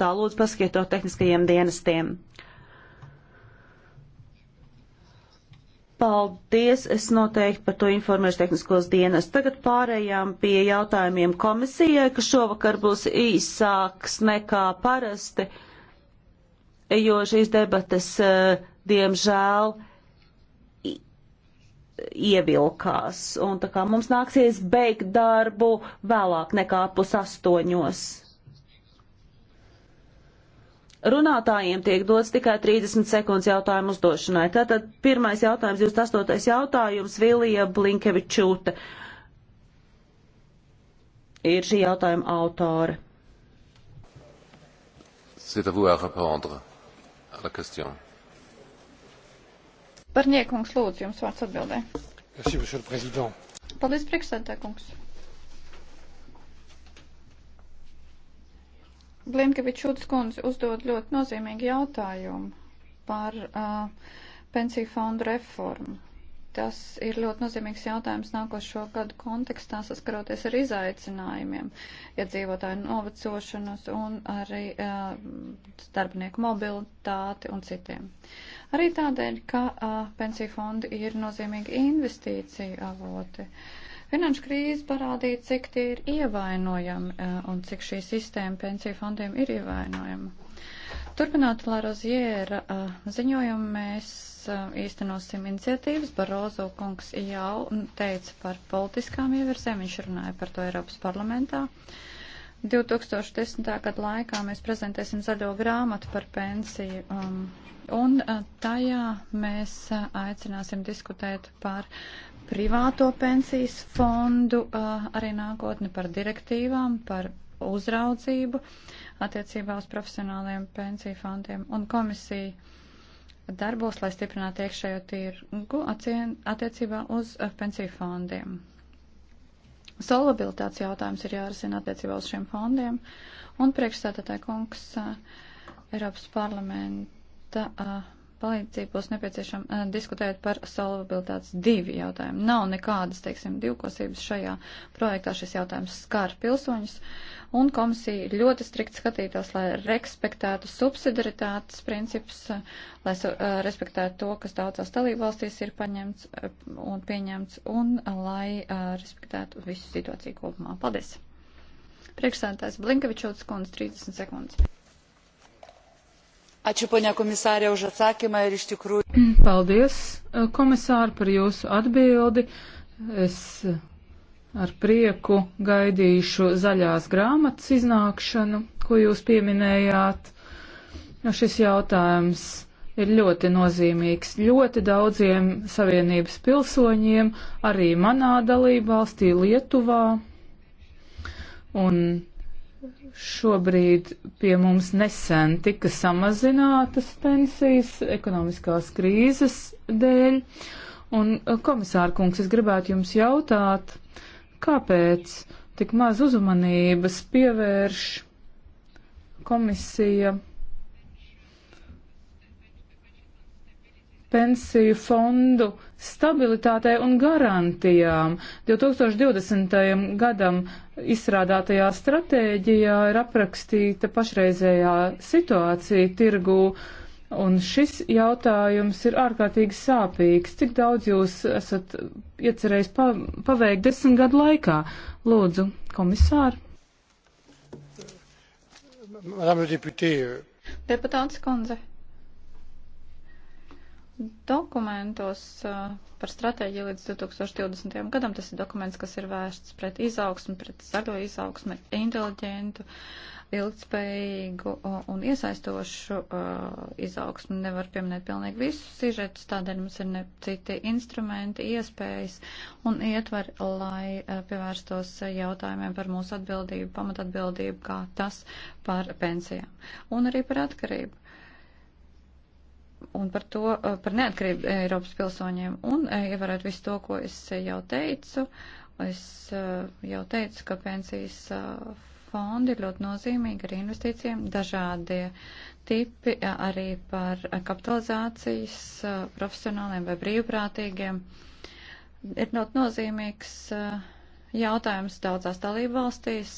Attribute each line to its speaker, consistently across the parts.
Speaker 1: tā lūdzu pasakiet to tehniskajiem dienestiem. Paldies, es noteikti par to informēšu tehniskos dienas. Tagad pārējām pie jautājumiem komisijai, kas šovakar būs īsāks nekā parasti, jo šīs debates, eh, diemžēl, ievilkās. Un tā kā mums nāksies beigt darbu vēlāk nekā pus astoņos. Runātājiem tiek dots tikai 30 sekundes jautājumu uzdošanai. Tātad pirmais jautājums, 28. jautājums, Vilija Blinkevičūte ir šī jautājuma autore. C'est à vous à répondre à la question.
Speaker 2: Parņiekungs, lūdzu, jums vārds atbildē.
Speaker 1: Merci, monsieur le président.
Speaker 2: Paldies, priekšsēdētājkungs. Blinkevičūtas kundze uzdod ļoti nozīmīgu jautājumu par uh, pensiju fondu reformu. Tas ir ļoti nozīmīgs jautājums nākošo gadu kontekstā, saskaroties ar izaicinājumiem, iedzīvotāju novecošanos un arī uh, darbinieku mobilitāti un citiem. Arī tādēļ, ka uh, pensiju fondi ir nozīmīgi investīcija avoti. Uh, Finanšu krīze parādīja, cik tie ir ievainojami eh, un cik šī sistēma pensiju fondiem ir ievainojama. Turpinot Laroziera eh, ziņojumu, mēs eh, īstenosim iniciatīvas. Barozo kungs jau teica par politiskām ievirzēm, viņš runāja par to Eiropas parlamentā. 2010. gada laikā mēs prezentēsim zaļo grāmatu par pensiju, um, un tajā mēs aicināsim diskutēt par privāto pensijas fondu, uh, arī nākotni par direktīvām, par uzraudzību attiecībā uz profesionāliem pensiju fondiem un komisiju darbos, lai stiprinātu iekšējo tirgu attiecībā uz uh, pensiju fondiem. Solvabilitātes jautājums ir jārisina attiecībā uz šiem fondiem, un priekšstādātāja kungs uh, Eiropas parlamenta palīdzību būs nepieciešama eh, diskutēt par solvabilitātes divi jautājumu. Nav nekādas, teiksim, divkosības šajā projektā. Šis jautājums skar pilsoņus, un komisija ļoti strikt skatītos, lai respektētu subsidiaritātes principus, lai eh, respektētu to, kas daudzās dalībvalstīs ir paņemts eh, un pieņemts, un lai respektētu visu situāciju kopumā. Paldies! Priekšsēdētājs Blinkevičots, kundze, 30 sekundes.
Speaker 3: Ačiū, ponia komisārė, už atsakymą ir iš tikrųjų. Paldies, e, komisāri, par jūsu atbildi. Es ar prieku gaidīšu zaļās grāmatas iznākšanu, ko jūs pieminējāt. Jo nu, šis jautājums ir ļoti nozīmīgs ļoti daudziem Savienības pilsoņiem, arī manā dalībvalstī Lietuvā. Un Šobrīd pie mums nesen tika samazinātas pensijas ekonomiskās krīzes dēļ. Un, eh, komisāra kungs, es gribētu jums jautāt, kāpēc tik maz uzmanības pievērš komisija pensiju fondu stabilitātei un garantijām. 2020. gadam izstrādātajā stratēģijā ir aprakstīta pašreizējā situācija tirgū, un šis jautājums ir ārkārtīgi sāpīgs. Cik daudz jūs esat iecerējis pa paveikt desmit gadu laikā? Lūdzu, komisāri.
Speaker 2: Euh, Deputāts Konze. Dokumentos par stratēģiju līdz 2020. gadam tas ir dokuments, kas ir vērsts pret izaugsmu, pret zaļo izaugsmu, inteliģentu, ilgspējīgu un iesaistošu izaugsmu. Nevar pieminēt pilnīgi visus sižetus, tādēļ mums ir ne citi instrumenti, iespējas un ietver, lai pievērstos jautājumiem par mūsu atbildību, pamatatbildību, kā tas par pensijām un arī par atkarību un par to, eh, par neatkarību Eiropas pilsoņiem. Un eh, ievarēt visu to, ko es eh, jau teicu, es jau teicu, ka pensijas fondi ir ļoti nozīmīgi ar investīcijiem, dažādie tipi arī par kapitalizācijas profesionāliem vai brīvprātīgiem. Ir ļoti nozīmīgs uh, jautājums daudzās dalību valstīs.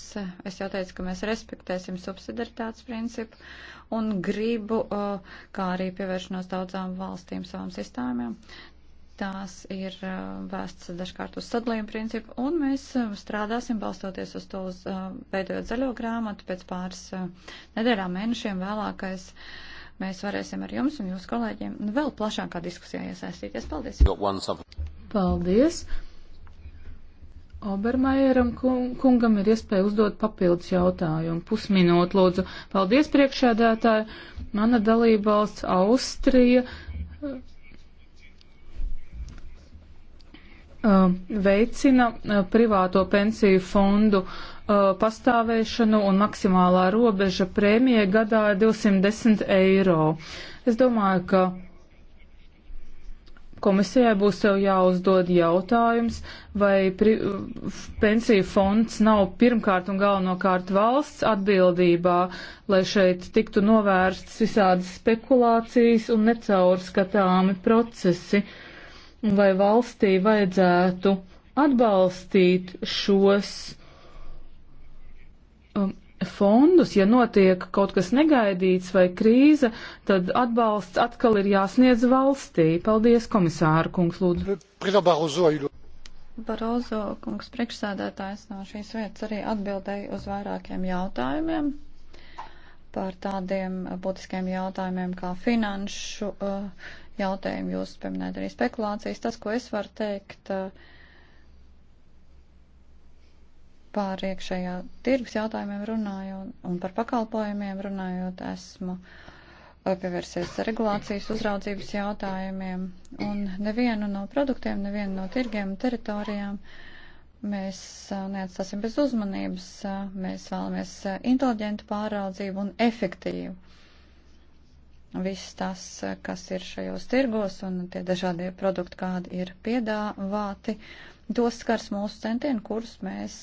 Speaker 2: Es jau teicu, ka mēs respektēsim subsidaritātes principu un gribu, uh, kā arī pievēršanos daudzām valstīm savām sistēmām. Tās ir uh, vēsts dažkārt uz sadalījumu principu, un mēs uh, strādāsim balstoties uz to, uz, veidojot zaļo grāmatu pēc pāris nedēļām, mēnešiem vēlākais. Mēs varēsim ar jums un jūsu kolēģiem vēl plašākā diskusijā iesaistīties. Paldies!
Speaker 3: Paldies! Obermajeram kungam ir iespēja uzdot papildus jautājumu. Pusminūte, lūdzu. Paldies, priekšēdētāji. Mana dalībvalsts Austrija uh, veicina uh, privāto pensiju fondu uh, pastāvēšanu un maksimālā robeža prēmija gadā ir 210 eiro. Es domāju, ka Komisijai būs jau jāuzdod jautājums, vai pri, pensiju fonds nav pirmkārt un galvenokārt valsts atbildībā, lai šeit tiktu novērsts visādas spekulācijas un necaurskatāmi procesi, vai valstī vajadzētu atbalstīt šos um, fondus, ja notiek kaut kas negaidīts vai krīze, tad atbalsts atkal ir jāsniedz valstī. Paldies, komisāra kungs, lūdzu.
Speaker 2: Barozo kungs priekšsēdētājs no šīs vietas arī atbildēja uz vairākiem jautājumiem par tādiem būtiskiem jautājumiem kā finanšu uh, jautājumu. Jūs pieminējat arī spekulācijas. Tas, ko es varu teikt, uh, par iekšējā tirgus jautājumiem runājot un par pakalpojumiem runājot, esmu uh, pievērsies regulācijas uzraudzības jautājumiem. Un nevienu no produktiem, nevienu no tirgiem un teritorijām mēs uh, neatstāsim bez uzmanības. Uh, mēs vēlamies inteliģentu pāraudzību un efektīvu. Viss tas, kas ir šajos tirgos un tie dažādie produkti, kādi ir piedāvāti. Uh, Tos skars mūsu centieni, kurus mēs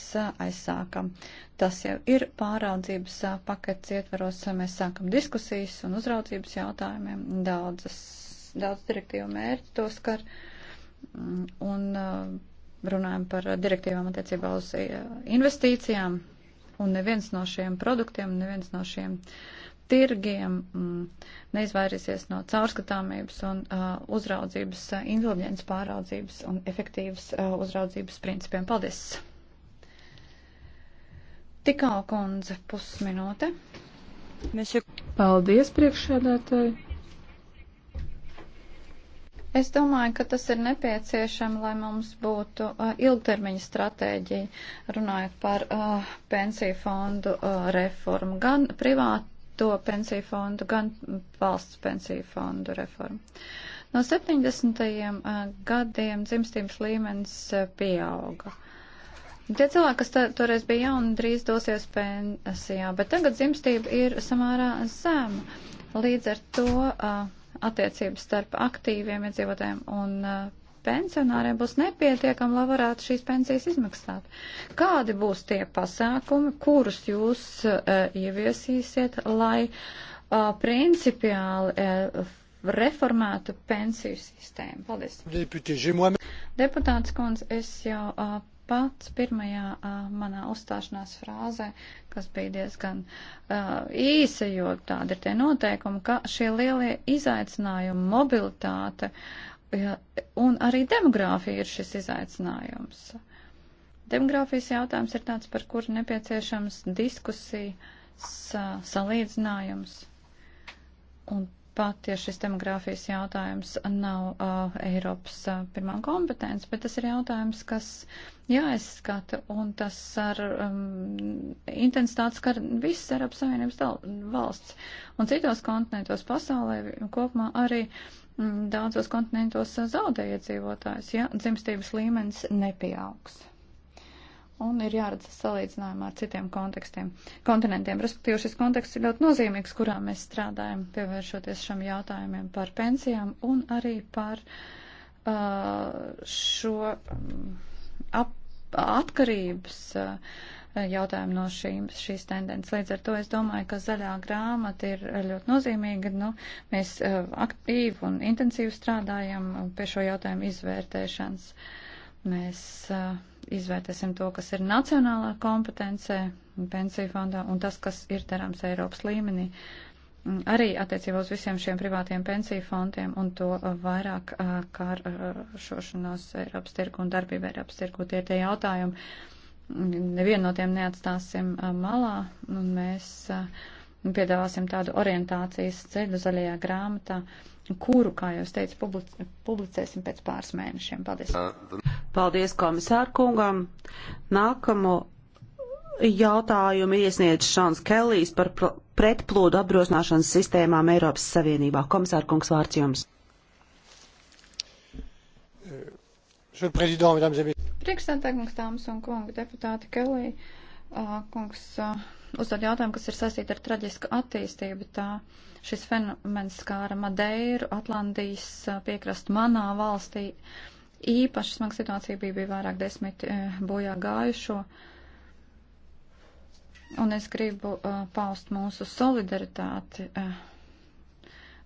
Speaker 2: aizsākam. Tas jau ir pāraudzības pakets ietveros. Mēs sākam diskusijas un uzraudzības jautājumiem. Daudzas, daudz direktīvu mērķi to skar. Mm, un runājam par direktīvām attiecībā uz investīcijām. Un neviens no šiem produktiem, neviens no šiem uh, tirgiem mm, neizvairīsies no caurskatāmības un uh, uzraudzības, uh, inteliģentas pāraudzības un efektīvas uh, uzraudzības principiem. Paldies! Tikā kundze pusminūte.
Speaker 3: Paldies, priekšsēdētāji!
Speaker 2: Es domāju, ka tas ir nepieciešami, lai mums būtu uh, ilgtermiņa stratēģija, runājot par uh, pensiju fondu uh, reformu. Gan privāti to pensiju fondu, gan valsts pensiju fondu reformu. No 70. gadiem dzimstības līmenis pieauga. Tie cilvēki, kas tā, toreiz bija jauni, drīz dosies pensijā, bet tagad dzimstība ir samērā zema. Līdz ar to uh, attiecības starp aktīviem iedzīvotājiem un uh, pensionāriem būs nepietiekami, lai varētu šīs pensijas izmaksāt. Kādi būs tie pasākumi, kurus jūs uh, ieviesīsiet, lai uh, principiāli uh, reformētu pensiju sistēmu? Paldies. Deputāts Kons, es jau uh, pats pirmajā uh, manā uzstāšanās frāzē, kas bija diezgan uh, īsa, jo tāda ir tie noteikumi, ka šie lielie izaicinājumi, mobilitāte ja, un arī demogrāfija ir šis izaicinājums. Demogrāfijas jautājums ir tāds, par kuru nepieciešams diskusijas salīdzinājums. Un pat, ja šis demogrāfijas jautājums nav uh, Eiropas uh, pirmā kompetence, bet tas ir jautājums, kas jāizskata, un tas ar um, intensitāti skar visas Eiropas Savienības valsts. Un citos kontinentos pasaulē kopumā arī Mm, daudzos kontinentos zaudē iedzīvotājs, ja dzimstības līmenis nepieaugs. Un ir jāredz salīdzinājumā ar citiem kontekstiem, kontinentiem. Respektīvi, šis konteksts ir ļoti nozīmīgs, kurā mēs strādājam, pievēršoties šam jautājumiem par pensijām un arī par uh, šo mm, ap, atkarības. Uh, jautājumu no šīm, šīs tendences. Līdz ar to es domāju, ka zaļā grāmata ir ļoti nozīmīga. Nu, mēs eh, aktīvi un intensīvi strādājam pie šo jautājumu izvērtēšanas. Mēs eh, izvērtēsim to, kas ir nacionālā kompetencē pensiju fondā un tas, kas ir darāms Eiropas līmenī arī attiecībā uz visiem šiem privātiem pensiju fondiem un to eh, vairāk kā šošanos Eiropas tirgu un darbību Eiropas tirgu tie ir tie jautājumi, nevienu no tiem neatstāsim uh, malā, un mēs uh, piedāvāsim tādu orientācijas ceļu zaļajā grāmatā, kuru, kā jūs teicu, publicēsim
Speaker 1: pēc pāris mēnešiem. Paldies. Paldies komisārkungam. Nākamo jautājumu iesniedz Šons Kellijs par pretplūdu apdrošināšanas sistēmām Eiropas Savienībā. Komisārkungs vārds jums.
Speaker 2: Priekšsēdētājs, dāmas un kungi, deputāti Kelī, kungs uzdod jautājumu, kas ir saistīta ar traģisku attīstību. Tā šis fenomens skāra Madeiru, Atlantijas piekrastu manā valstī. Īpaši smaga situācija bija, bija vairāk desmit bojā gājušo. Un es gribu uh, paust mūsu solidaritāti uh,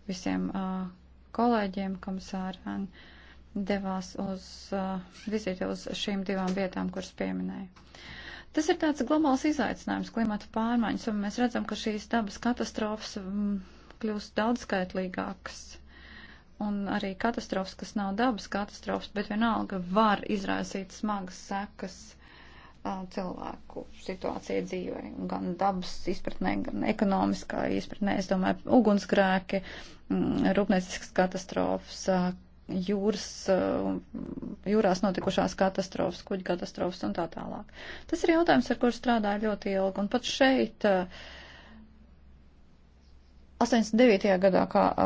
Speaker 2: visiem uh, kolēģiem, komisāri. Uh, devās uz uh, vizīti uz šīm divām vietām, kuras pieminēju. Tas ir tāds globāls izaicinājums klimata pārmaiņas, un mēs redzam, ka šīs dabas katastrofas mm, kļūst daudz skaitlīgākas. Un arī katastrofas, kas nav dabas katastrofas, bet vienalga var izraisīt smagas sekas cilvēku situācija dzīvē, gan dabas izpratnē, gan ekonomiskā izpratnē. Es domāju, ugunsgrēki, mm, rūpnieciskas katastrofas, jūras, uh, jūrās notikušās katastrofas, kuģa katastrofas un tā tālāk. Tas ir jautājums, ar kur strādāju ļoti ilgi, un pat šeit 89. Uh, gadā, kā uh,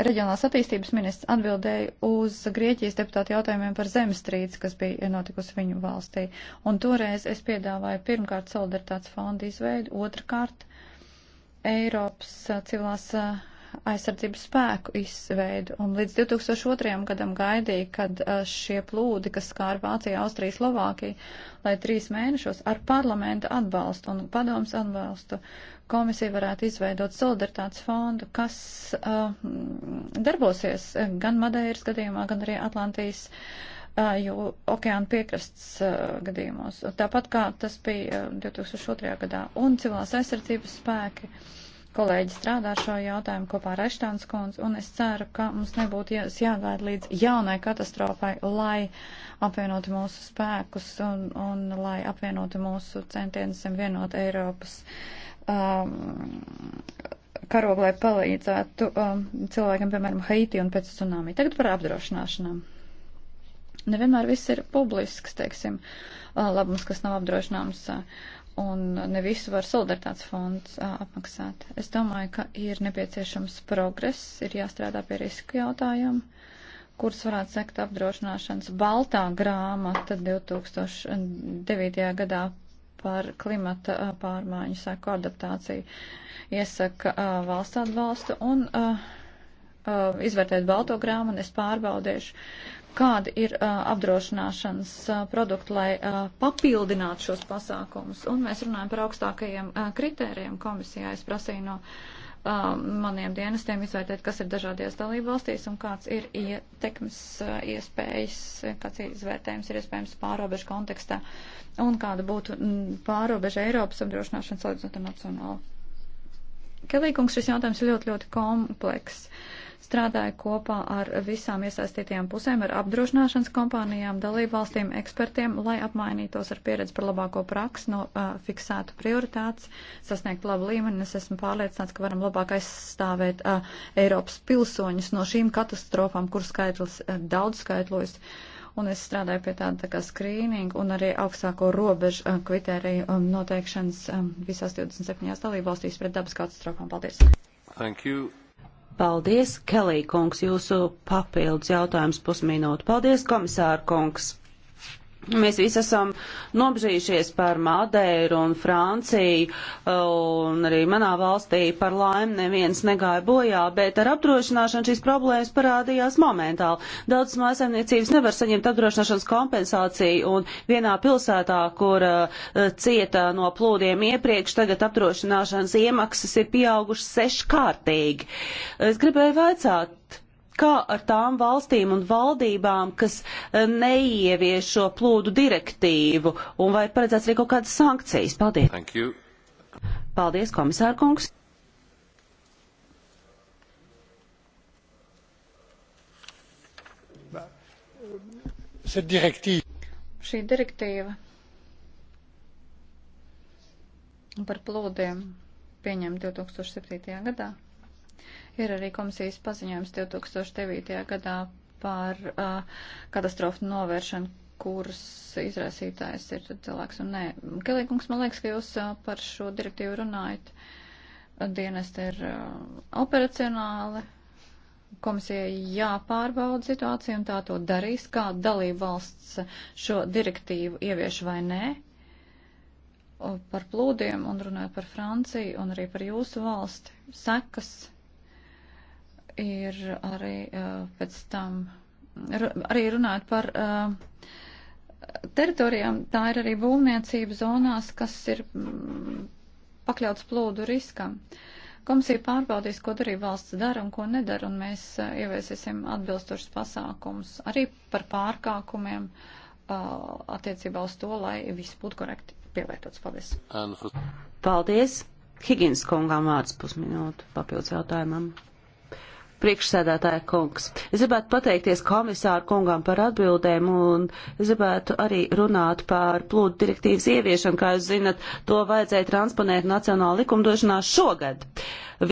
Speaker 2: reģionālās attīstības ministrs atbildēja uz Grieķijas deputātu jautājumiem par zemestrīci, kas bija notikusi viņu valstī. Un toreiz es piedāvāju pirmkārt solidaritātes fondu izveidu, otrkārt Eiropas civilās uh, aizsardzības spēku izveidu. Un līdz 2002. gadam gaidīja, kad uh, šie plūdi, kas skāra Vācija, Austrija, Slovākija, lai trīs mēnešos ar parlamenta atbalstu un padomus atbalstu komisija varētu izveidot solidaritātes fondu, kas uh, darbosies gan Madeiras gadījumā, gan arī Atlantijas uh, jo okeāna piekrasts uh, gadījumos. Tāpat kā tas bija 2002. Uh, gadā. Un civilās aizsardzības spēki. Uh, kolēģi strādā šo jautājumu kopā ar Eštāns kundzi, un es ceru, ka mums nebūtu jāgaida līdz jaunai katastrofai, lai apvienotu mūsu spēkus un, un lai apvienotu mūsu centienus un vienot Eiropas um, karogu, lai palīdzētu um, cilvēkiem, piemēram, Haiti un pēc tsunami. Tagad par apdrošināšanām nevienmēr viss ir publisks, teiksim, uh, labums, kas nav apdrošināms. Uh, un ne visu var solidaritātes fonds apmaksāt. Es domāju, ka ir nepieciešams progress, ir jāstrādā pie risku jautājumu, kurus varētu sekt apdrošināšanas baltā grāmata 2009. gadā par klimata pārmaiņu sēku adaptāciju. Iesaka valsts atbalstu un uh, izvērtēt balto grāmatu, es pārbaudīšu kādi ir uh, apdrošināšanas uh, produkti, lai uh, papildinātu šos pasākumus. Un mēs runājam par augstākajiem uh, kritērijiem komisijā. Es prasīju no uh, maniem dienestiem izvērtēt, kas ir dažādajās dalību valstīs un kāds ir ietekmes uh, iespējas, kāds izvērtējums ir iespējams pārobežu kontekstā un kāda būtu pārobeža Eiropas apdrošināšana salīdzinot ar nacionālu. Kelīkungs šis jautājums ir ļoti, ļoti komplekss. Strādāja kopā ar visām iesaistītajām pusēm, ar apdrošināšanas kompānijām, dalībvalstīm, ekspertiem, lai apmainītos ar pieredzi par labāko praksi, no, uh, fiksētu prioritātes, sasniegtu labu līmeni. Es esmu pārliecināts, ka varam labāk aizstāvēt uh, Eiropas pilsoņus no šīm katastrofām, kur skaitlis uh, daudz skaitlojas. Uh, un es strādāju pie tāda tā kā skrīninga un arī augstāko robežu eh, kritēriju um, noteikšanas um, visās 27 dalībvalstīs pret dabas katastrofām.
Speaker 1: Paldies! Thank you. Paldies, Kelī kungs, jūsu papildus jautājums pusminūte. Paldies, komisāra kungs! Mēs visi esam nobežījušies par Madeiru un Franciju, un arī manā valstī par laimi neviens negāja bojā, bet ar apdrošināšanu šīs problēmas parādījās momentāli. Daudzas mājasemniecības nevar saņemt apdrošināšanas kompensāciju, un vienā pilsētā, kur uh, cieta no plūdiem iepriekš, tagad apdrošināšanas iemaksas ir pieaugušas seškārtīgi. Es gribēju vaicāt, kā ar tām valstīm un valdībām, kas eh, neievieš šo plūdu direktīvu, un vai ir paredzēts arī kaut kādas sankcijas? Paldies! Paldies, komisārkungs!
Speaker 2: Šī direktīva par plūdiem pieņemta 2007. gadā. Ir arī komisijas paziņojums 2009. gadā par uh, katastrofu novēršanu, kuras izraisītājs ir cilvēks un nē. Kelīkungs, man liekas, ka jūs uh, par šo direktīvu runājat. Dienest ir uh, operacionāli. Komisijai jāpārbauda situācija un tā to darīs, kā dalība valsts šo direktīvu ievieš vai nē par plūdiem un runājot par Franciju un arī par jūsu valsti, sekas ir arī uh, pēc tam, ru, arī runājot par uh, teritorijām, tā ir arī būvniecība zonās, kas ir mm, pakļauts plūdu riskam. Komisija pārbaudīs, ko darīja valsts dara un ko nedara, un mēs uh, ieviesīsim atbilstošas pasākums arī par pārkākumiem uh, attiecībā uz to, lai viss būtu
Speaker 1: korekti pielietots. Paldies! Paldies! Higins kungām vārds pusminūtu papildus jautājumam. Priekšsēdētāja kungs, es gribētu pateikties komisāru kungam par atbildēm un es gribētu arī runāt par plūdu direktīvas ieviešanu. Kā jūs zinat, to vajadzēja transponēt nacionāla likumdošanā šogad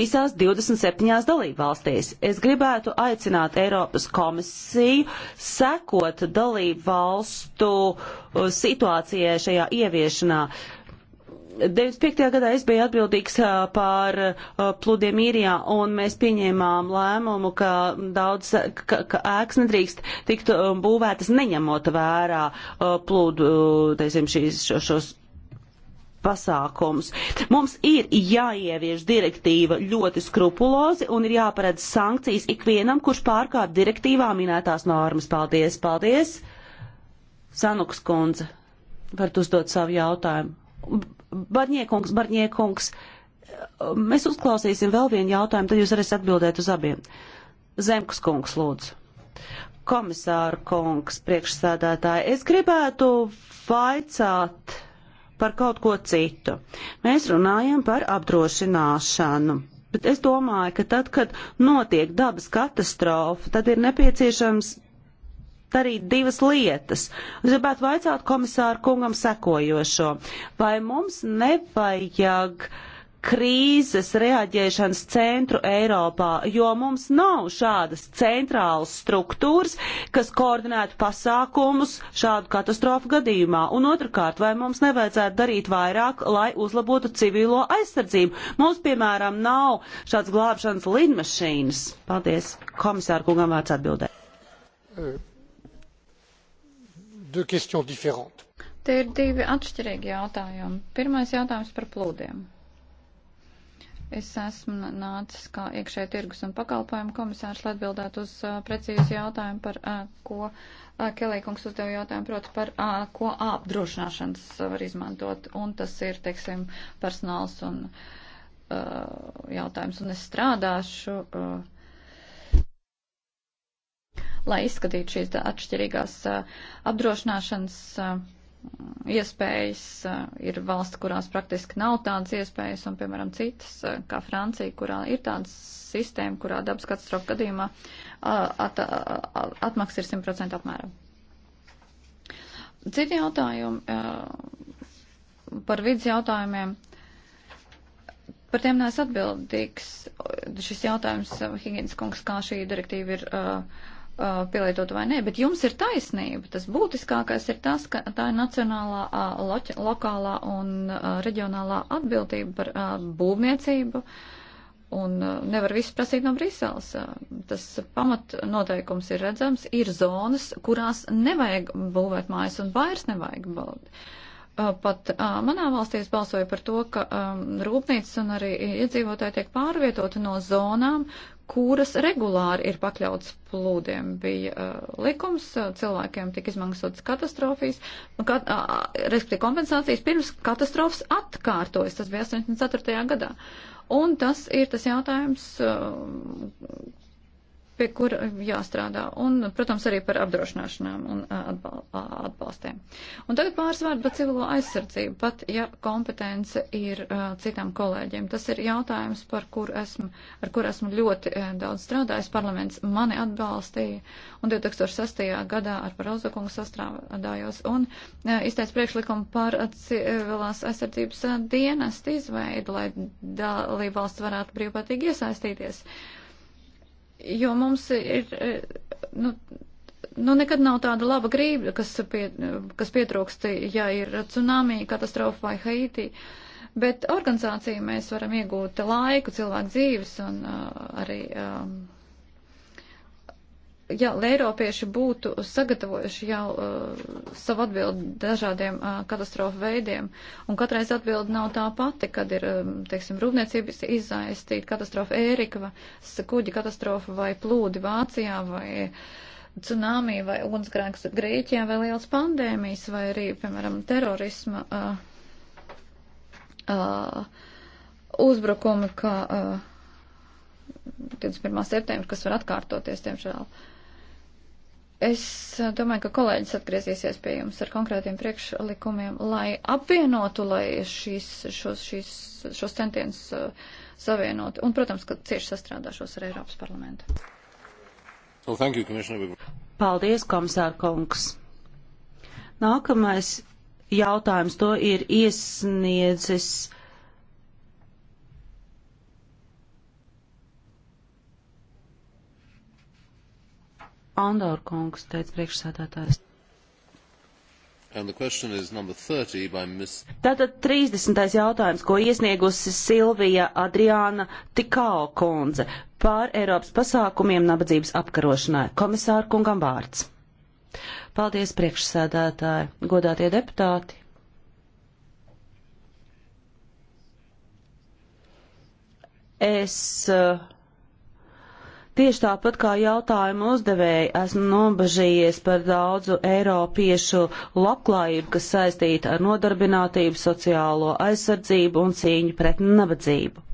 Speaker 1: visās 27 dalību valstīs. Es gribētu aicināt Eiropas komisiju sekot dalību valstu situācijai šajā ieviešanā. Uh, 95. gadā es biju atbildīgs par pludiem īrijā, un mēs pieņēmām lēmumu, ka daudz ka, ka ēks nedrīkst tikt būvētas neņemot vērā plūdu, teiksim, šīs, šo, šos pasākums. Mums ir jāievieš direktīva ļoti skrupulozi un ir jāparedz sankcijas ikvienam, kurš pārkāp direktīvā minētās normas. Paldies, paldies! Sanuks kundze, varat uzdot savu jautājumu. Barņiekungs, Barņiekungs, mēs uzklausīsim vēl vienu jautājumu, tad jūs varēsiet atbildēt uz abiem. Zemkas kungs, lūdzu. Komisāra kungs, priekšsādātāji, es gribētu vaicāt par kaut ko citu. Mēs runājam par apdrošināšanu. Bet es domāju, ka tad, kad notiek dabas katastrofa, tad ir nepieciešams darīt divas lietas. Es gribētu vaicāt komisāru kungam sekojošo. Vai mums nevajag krīzes reaģēšanas centru Eiropā, jo mums nav šādas centrālas struktūras, kas koordinētu pasākumus šādu katastrofu gadījumā. Un otrkārt, vai mums nevajadzētu darīt vairāk, lai uzlabotu civilo aizsardzību? Mums, piemēram, nav šāds glābšanas lidmašīnas. Paldies, komisāru kungam vārds atbildēt. Eh,
Speaker 2: deux questions différentes. Tie ir divi atšķirīgi jautājumi. Pirmais jautājums par plūdiem. Es esmu nācis kā iekšē tirgus un pakalpojumu komisārs, lai atbildētu uz uh, precīzu jautājumu par, uh, ko uh, Kelīkungs uzdeva jautājumu, proti par, uh, ko apdrošināšanas var izmantot. Un tas ir, teiksim, personāls un uh, jautājums. Un es strādāšu. Uh, lai izskatītu šīs atšķirīgās apdrošināšanas iespējas. Ir valsts, kurās praktiski nav tādas iespējas, un, piemēram, citas, kā Francija, kurā ir tāda sistēma, kurā dabas katastrofa gadījumā at, atmaksa ir 100% apmēram. Citi jautājumi par vidas jautājumiem. Par tiem neesmu atbildīgs. Šis jautājums, Higienas kungs, kā šī direktīva ir uh, uh, pielietot vai nē, bet jums ir taisnība. Tas būtiskākais ir tas, ka tā ir nacionālā, uh, loķa, lokālā un uh, reģionālā atbildība par uh, būvniecību. Un uh, nevar visu prasīt no Briseles. Uh, tas pamatnoteikums ir redzams, ir zonas, kurās nevajag būvēt mājas un vairs nevajag būvēt. Uh, pat uh, manā valstī es balsoju par to, ka um, rūpnīcas un arī iedzīvotāji tiek pārvietoti no zonām, kuras regulāri ir pakļauts plūdiem. Bija uh, likums, uh, cilvēkiem tika izmaksātas katastrofijas, kat, uh, uh, respektīvi kompensācijas pirms katastrofas atkārtojas, tas bija 84. gadā. Un tas ir tas jautājums, uh, pie kura jāstrādā. Un, protams, arī par apdrošināšanām un atbalstiem. Un tagad pāris vārdu par civilo aizsardzību, pat ja kompetence ir uh, citām kolēģiem. Tas ir jautājums, par kur esmu, ar kur esmu ļoti uh, daudz strādājis. Parlaments mani atbalstīja un 2006. gadā ar Parozokungu sastrādājos un uh, izteicu priekšlikumu par civilās aizsardzības dienestu izveidu, lai dalībvalsts varētu brīvprātīgi iesaistīties. Uh, jo mums ir, nu, nu nekad nav tāda laba grība, kas, pie, kas pietrūkst, ja ir tsunami, katastrofa vai Haiti. Bet organizāciju mēs varam iegūt laiku, cilvēku dzīves un uh, arī. Um, ja Eiropieši būtu sagatavojuši jau uh, savu atbildi dažādiem uh, katastrofu veidiem, un katreiz atbildi nav tā pati, kad ir, um, teiksim, rūpniecības izaistīta katastrofa ērika, kuģi katastrofa vai plūdi Vācijā vai cunāmī vai ugunsgrēks Grieķijā vai liels pandēmijas vai arī, piemēram, terorisma uh, uh, uzbrukumi, ka uh, 21. septembris, kas var atkārtoties, tiemžēl. Uh, Es eh, domāju, ka kolēģis atgriezīsies pie jums ar konkrētiem priekšlikumiem, lai apvienotu, lai šīs, šos, šīs, šos centienus uh, eh, savienotu. Un, protams,
Speaker 1: ka cieši sastrādāšos ar Eiropas parlamentu.
Speaker 2: Well, thank you, Commissioner.
Speaker 1: Paldies, komisār kungs. Nākamais jautājums to ir iesniedzis Andor kungs, teica priekšsādātājs. Tātad 30. jautājums, ko iesniegusi Silvija Adriāna Tikao kundze par Eiropas pasākumiem nabadzības apkarošanai. Komisāra kungam vārds. Paldies, priekšsēdētāji, godātie deputāti. Es uh, Tieši tāpat kā jautājumu uzdevēji, esmu nobažījies par daudzu eiropiešu labklājību, kas saistīta ar nodarbinātību, sociālo aizsardzību un cīņu pret nabadzību.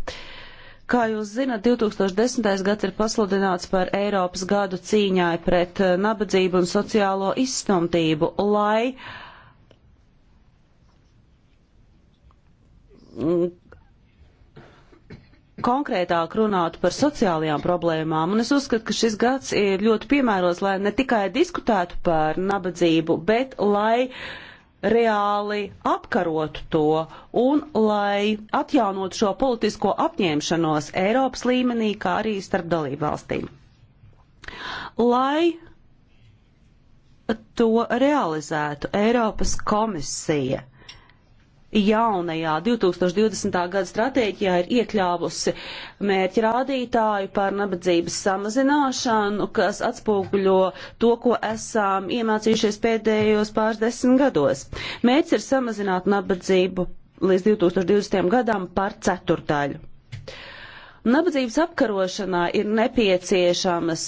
Speaker 1: Kā jūs zināt, 2010. gads ir pasludināts par Eiropas gadu cīņai pret eh, nabadzību un sociālo izstumtību, lai mm, konkrētāk runātu par sociālajām problēmām, un es uzskatu, ka šis gads ir ļoti piemērots, lai ne tikai diskutētu par nabadzību, bet lai reāli apkarotu to un lai atjaunotu šo politisko apņemšanos Eiropas līmenī, kā arī starp dalību valstīm. Lai to realizētu Eiropas komisija jaunajā 2020. gada stratēģijā ir iekļāvusi mērķi rādītāju par nabadzības samazināšanu, kas atspoguļo to, ko esam iemācījušies pēdējos pāris desmit gados. Mērķis ir samazināt nabadzību līdz 2020. gadam par ceturtaļu. Nabadzības apkarošanā ir nepieciešamas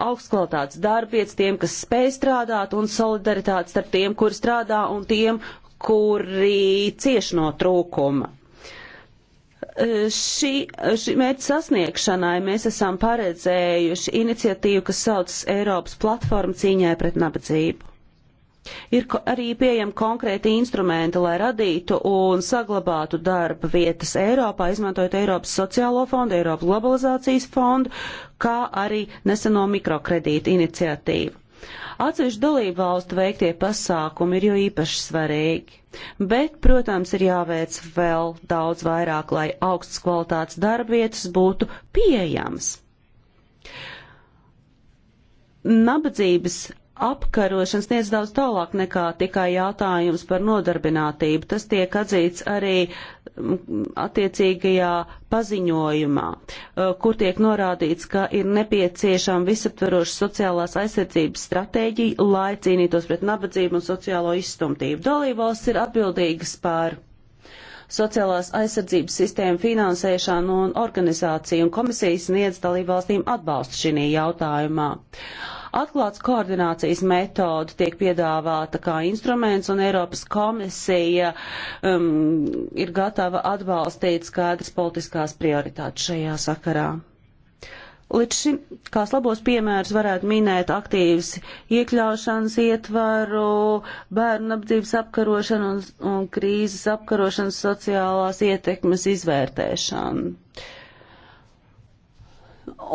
Speaker 1: augstkvalitātes darbietas tiem, kas spēj strādāt, un solidaritāte starp tiem, kur strādā, un tiem, kuri cieš no trūkuma. Šī, šī mērķa sasniegšanai mēs esam paredzējuši iniciatīvu, kas saucas Eiropas platforma cīņai pret nabadzību. Ir arī pieejami konkrēti instrumenti, lai radītu un saglabātu darba vietas Eiropā, izmantojot Eiropas sociālo fondu, Eiropas globalizācijas fondu, kā arī neseno mikrokredītu iniciatīvu. Atsevišķu dalību valstu veiktie pasākumi ir jo īpaši svarīgi, bet, protams, ir jāveic vēl daudz vairāk, lai augstas kvalitātes darbvietas būtu pieejams. Nabadzības apkarošana sniedz daudz tālāk nekā tikai jautājums par nodarbinātību. Tas tiek atzīts arī attiecīgajā paziņojumā, e, kur tiek norādīts, ka ir nepieciešama visaptveroša sociālās aizsardzības stratēģija, lai cīnītos pret nabadzību un sociālo izstumtību. Dalībvalsts ir atbildīgas par sociālās aizsardzības sistēmu finansēšanu un organizāciju, un komisijas sniedz dalībvalstīm atbalstu šī jautājumā. Uh, Atklāts koordinācijas metodu tiek piedāvāta kā instruments, un Eiropas komisija um, ir gatava atbalstīt skaidrs politiskās prioritātes šajā sakarā. Līdz šim, kās labos piemērus varētu minēt aktīvas iekļaušanas ietvaru, bērnu apdzības apkarošanu un, un krīzes apkarošanas sociālās ietekmes izvērtēšanu. Uh,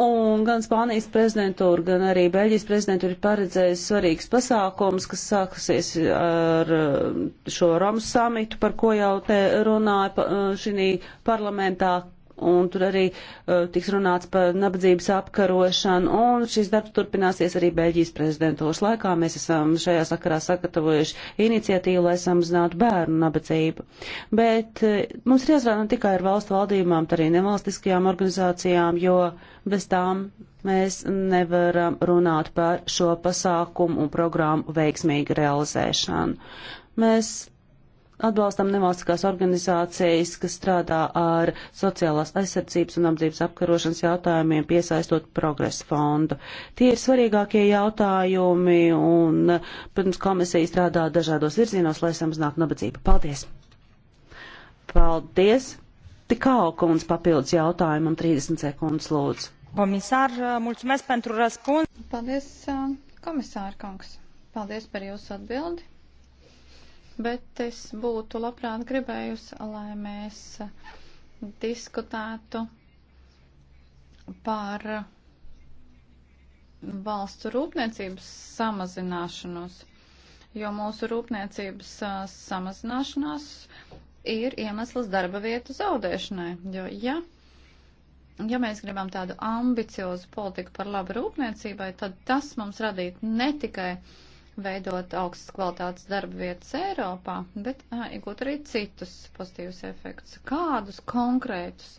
Speaker 1: Un gan Spānijas prezidentūra, gan arī Beļģijas prezidentūra ir paredzējis svarīgs pasākums, kas sāksies ar uh, šo Romas samitu, par ko jau te runāja uh, šī parlamentā, un tur arī uh, tiks runāts par nabadzības apkarošanu, un šis darbs turpināsies arī Beļģijas prezidentūras laikā. Mēs esam šajā sakarā sagatavojuši iniciatīvu, lai samazinātu bērnu nabadzību. Bet uh, mums ir jāsvērā ne tikai ar valstu valdībām, bet arī nevalstiskajām organizācijām, jo bez tām mēs nevaram runāt par šo pasākumu un programmu veiksmīgu realizēšanu. Mēs atbalstam nevalstiskās organizācijas, kas strādā ar sociālās aizsardzības un apdzības apkarošanas jautājumiem, piesaistot progresu fondu. Tie ir svarīgākie jautājumi, un, protams, komisija strādā dažādos virzienos, lai samazinātu nabadzību. Paldies! Paldies! Tikau kundz papildus jautājumam 30 sekundes lūdzu.
Speaker 2: Komisār, mulțumesc pentru răspuns. Paldies, uh, komisār kungs. Paldies par jūsu atbildi bet es būtu labprāt gribējusi, lai mēs diskutētu par valstu rūpniecības samazināšanos, jo mūsu rūpniecības samazināšanās ir iemesls darba vietu zaudēšanai, jo ja ja mēs gribam tādu ambiciozu politiku par labu rūpniecībai, tad tas mums radītu ne tikai uh, veidot augstas kvalitātes darba vietas Eiropā, bet iegūt arī citus pozitīvus efektus. Kādus konkrētus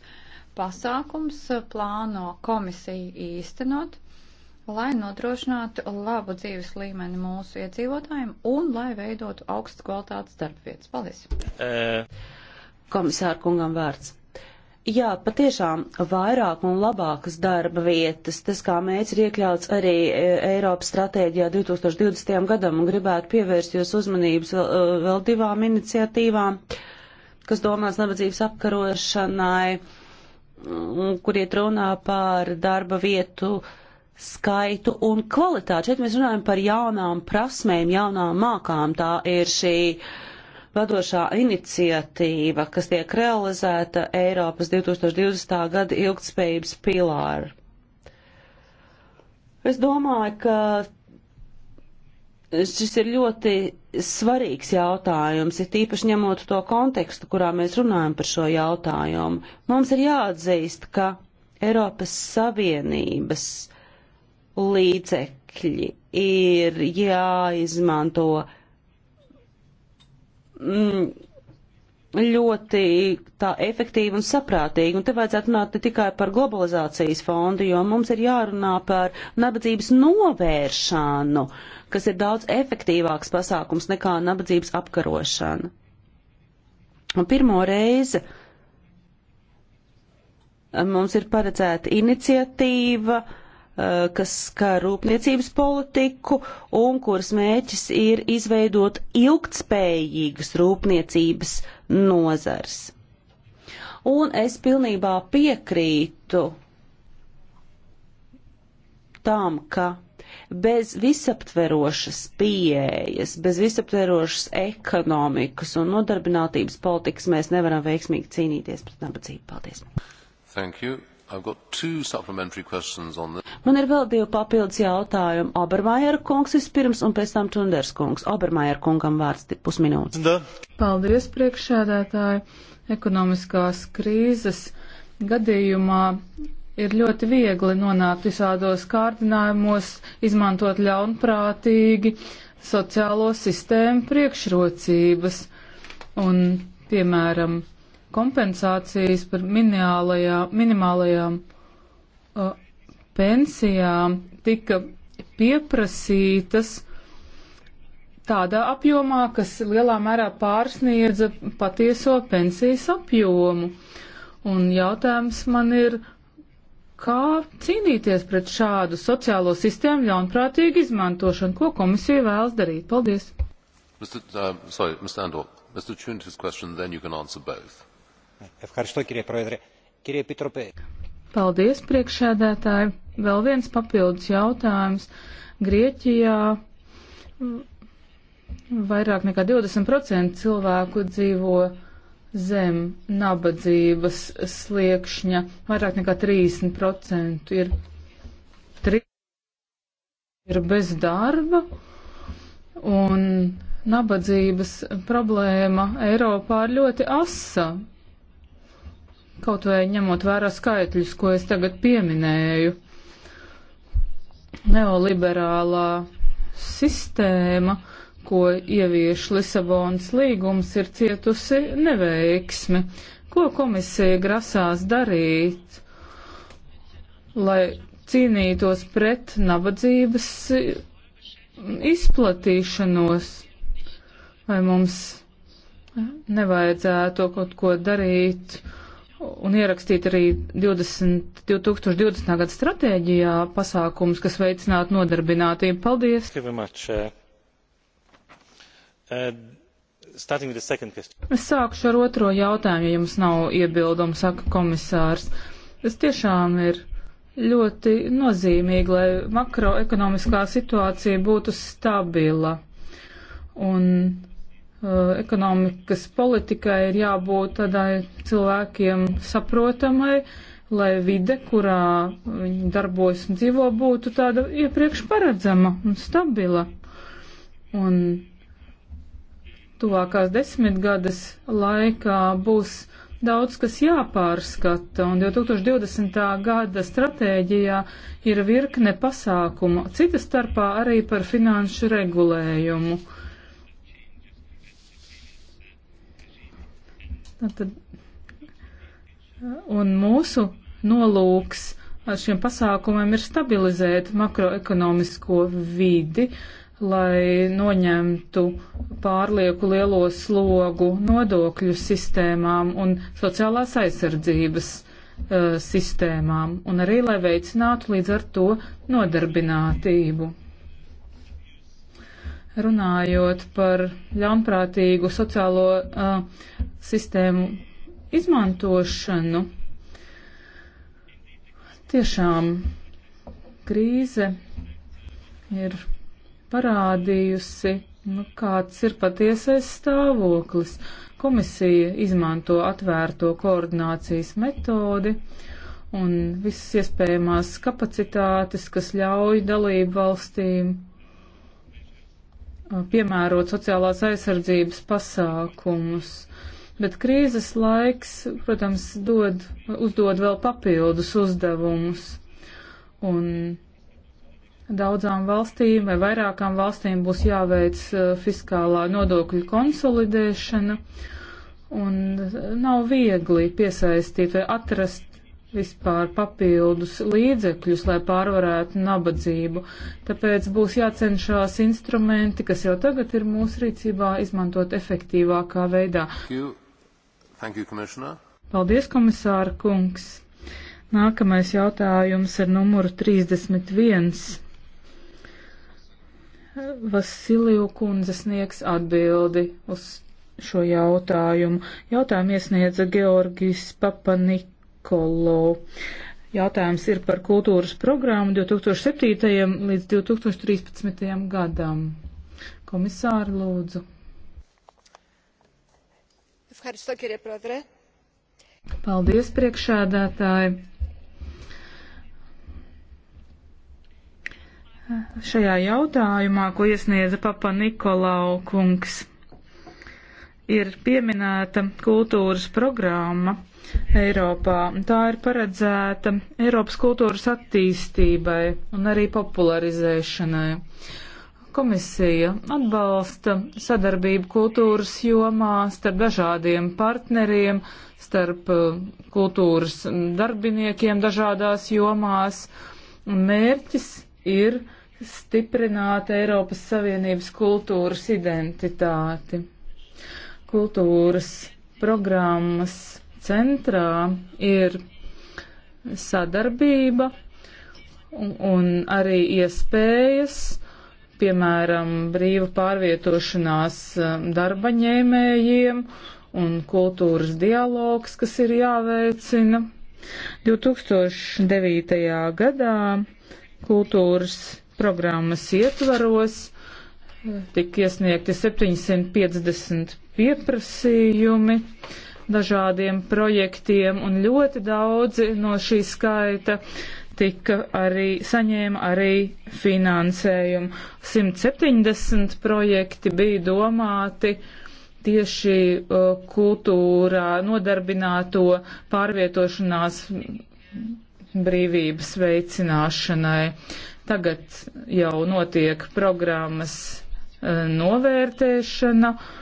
Speaker 2: pasākums plāno komisija īstenot, lai nodrošinātu labu dzīves līmeni mūsu iedzīvotājiem un lai veidotu augstas kvalitātes darba vietas? Paldies!
Speaker 1: E Komisāra kungam vārds. Jā, patiešām vairāk un labākas darba vietas. Tas kā mērķis ir iekļauts arī e, Eiropas stratēģijā 2020. gadam un gribētu pievērst jūs uzmanības vēl, e, vēl divām iniciatīvām, kas domās nabadzības apkarošanai, kur iet runā par darba vietu skaitu un kvalitāti. Šeit mēs runājam par jaunām prasmēm, jaunām mākām. Tā ir šī. Uh, vadošā iniciatīva, kas tiek realizēta Eiropas 2020. gada ilgtspējības pilāra. Es domāju, ka šis ir ļoti svarīgs jautājums, ir tīpaši ņemot to kontekstu, kurā mēs runājam par šo jautājumu. Mums ir jāatzīst, ka Eiropas Savienības līdzekļi ir jāizmanto mm, ļoti tā efektīvi un saprātīgi. Un te vajadzētu runāt ne tikai par globalizācijas fondu, jo mums ir jārunā par nabadzības novēršanu, kas ir daudz efektīvāks pasākums nekā nabadzības apkarošana. Un pirmo reizi mums ir paredzēta iniciatīva, uh, Eh, kas skar rūpniecības politiku un kuras mēķis ir izveidot ilgtspējīgas rūpniecības nozars. Un es pilnībā piekrītu tam, ka bez visaptverošas pieejas, bez visaptverošas ekonomikas un nodarbinātības politikas mēs nevaram veiksmīgi cīnīties pret nabadzību. Paldies!
Speaker 2: Thank you. Man
Speaker 1: ir vēl divi papildus jautājumi. Obermaier kungs vispirms un pēc tam Tunders kungs. Obermaier kungam vārds pusminūtes. Da. Paldies,
Speaker 3: priekšsēdētāji. Ekonomiskās krīzes gadījumā ir ļoti viegli nonākt visādos kārdinājumos, izmantot ļaunprātīgi sociālo sistēmu priekšrocības. Un, piemēram, kompensācijas par minimālajām uh, pensijām tika pieprasītas tādā apjomā, kas lielā mērā pārsniedza patieso pensijas apjomu. Un jautājums man ir, kā cīnīties pret šādu sociālo sistēmu ļaunprātīgu izmantošanu, ko komisija vēlas darīt. Paldies!
Speaker 2: Mr. Uh, sorry, Mr. Andor, Mr. Chuntis question, then you can answer both.
Speaker 3: Paldies, priekšsēdētāji. Vēl viens papildus jautājums. Grieķijā vairāk nekā 20% cilvēku dzīvo zem nabadzības sliekšņa, vairāk nekā 30% ir, ir bez darba, un nabadzības problēma Eiropā ir ļoti asa kaut vai ņemot vērā skaitļus, ko es tagad pieminēju. Neoliberālā sistēma, ko ievieš Lisabonas līgums, ir cietusi neveiksmi. Ko komisija grasās darīt, lai cīnītos pret nabadzības izplatīšanos? Vai mums nevajadzētu kaut ko darīt? Uh, un ierakstīt arī 20, 2020. gada stratēģijā pasākums, kas veicinātu nodarbinātību. Paldies!
Speaker 2: Uh,
Speaker 3: uh, es sākušu ar otro jautājumu, ja jums nav iebildumu, saka komisārs. Tas tiešām ir ļoti nozīmīgi, lai makroekonomiskā situācija būtu stabila. Un Uh, ekonomikas politikai ir jābūt tādai cilvēkiem saprotamai, lai vide, kurā viņi darbojas un dzīvo, būtu tāda iepriekš paredzama un stabila. Un tuvākās desmitgades laikā būs daudz kas jāpārskata, un 2020. gada stratēģijā ir virkne pasākumu, cita starpā arī par finanšu regulējumu. Tātad, un mūsu nolūks ar šiem pasākumiem ir stabilizēt makroekonomisko vidi, lai noņemtu pārlieku lielo slogu nodokļu sistēmām un sociālās aizsardzības uh, sistēmām, un arī lai veicinātu līdz ar to nodarbinātību runājot par ļaunprātīgu sociālo uh, sistēmu izmantošanu. Tiešām krīze ir parādījusi, nu, kāds ir patiesais stāvoklis. Komisija izmanto atvērto koordinācijas metodi un visas iespējamās kapacitātes, kas ļauj dalību valstīm Uh, piemērot sociālās aizsardzības pasākumus. Bet krīzes laiks, protams, dod, uzdod vēl papildus uzdevumus. Un daudzām valstīm vai vairākām valstīm būs jāveic uh, fiskālā nodokļu konsolidēšana. Un uh, nav viegli piesaistīt vai atrast vispār papildus līdzekļus, lai pārvarētu nabadzību. Tāpēc būs jācenšās instrumenti, kas jau tagad ir mūsu rīcībā, izmantot efektīvākā veidā.
Speaker 2: Thank you. Thank you,
Speaker 3: Paldies, komisāra kungs! Nākamais jautājums ar numuru 31. Vasiliju kundze sniegs atbildi uz šo jautājumu. Jautājumu iesniedza Georgijs Papanik protokolu. Jautājums ir par kultūras programmu 2007. līdz 2013. gadam. Komisāri lūdzu. Paldies, priekšādātāji. Šajā jautājumā, ko iesniedza Papa Nikolau kungs, ir pieminēta kultūras programma Eiropā. Tā ir paredzēta Eiropas kultūras attīstībai un arī popularizēšanai. Komisija atbalsta sadarbību kultūras jomā starp dažādiem partneriem, starp uh, kultūras darbiniekiem dažādās jomās. Mērķis ir stiprināt Eiropas Savienības kultūras identitāti. Kultūras programmas centrā ir sadarbība un arī iespējas, piemēram, brīva pārvietošanās um, darba ņēmējiem un kultūras dialogs, kas ir jāveicina. 2009. gadā kultūras programmas ietvaros uh, tika iesniegti 750 pieprasījumi. Uh, dažādiem projektiem, un ļoti daudzi no šī skaita tika arī saņēma arī finansējumu. 170 projekti bija domāti tieši uh, kultūrā nodarbināto pārvietošanās brīvības veicināšanai. Tagad jau notiek programmas uh, novērtēšana. Uh,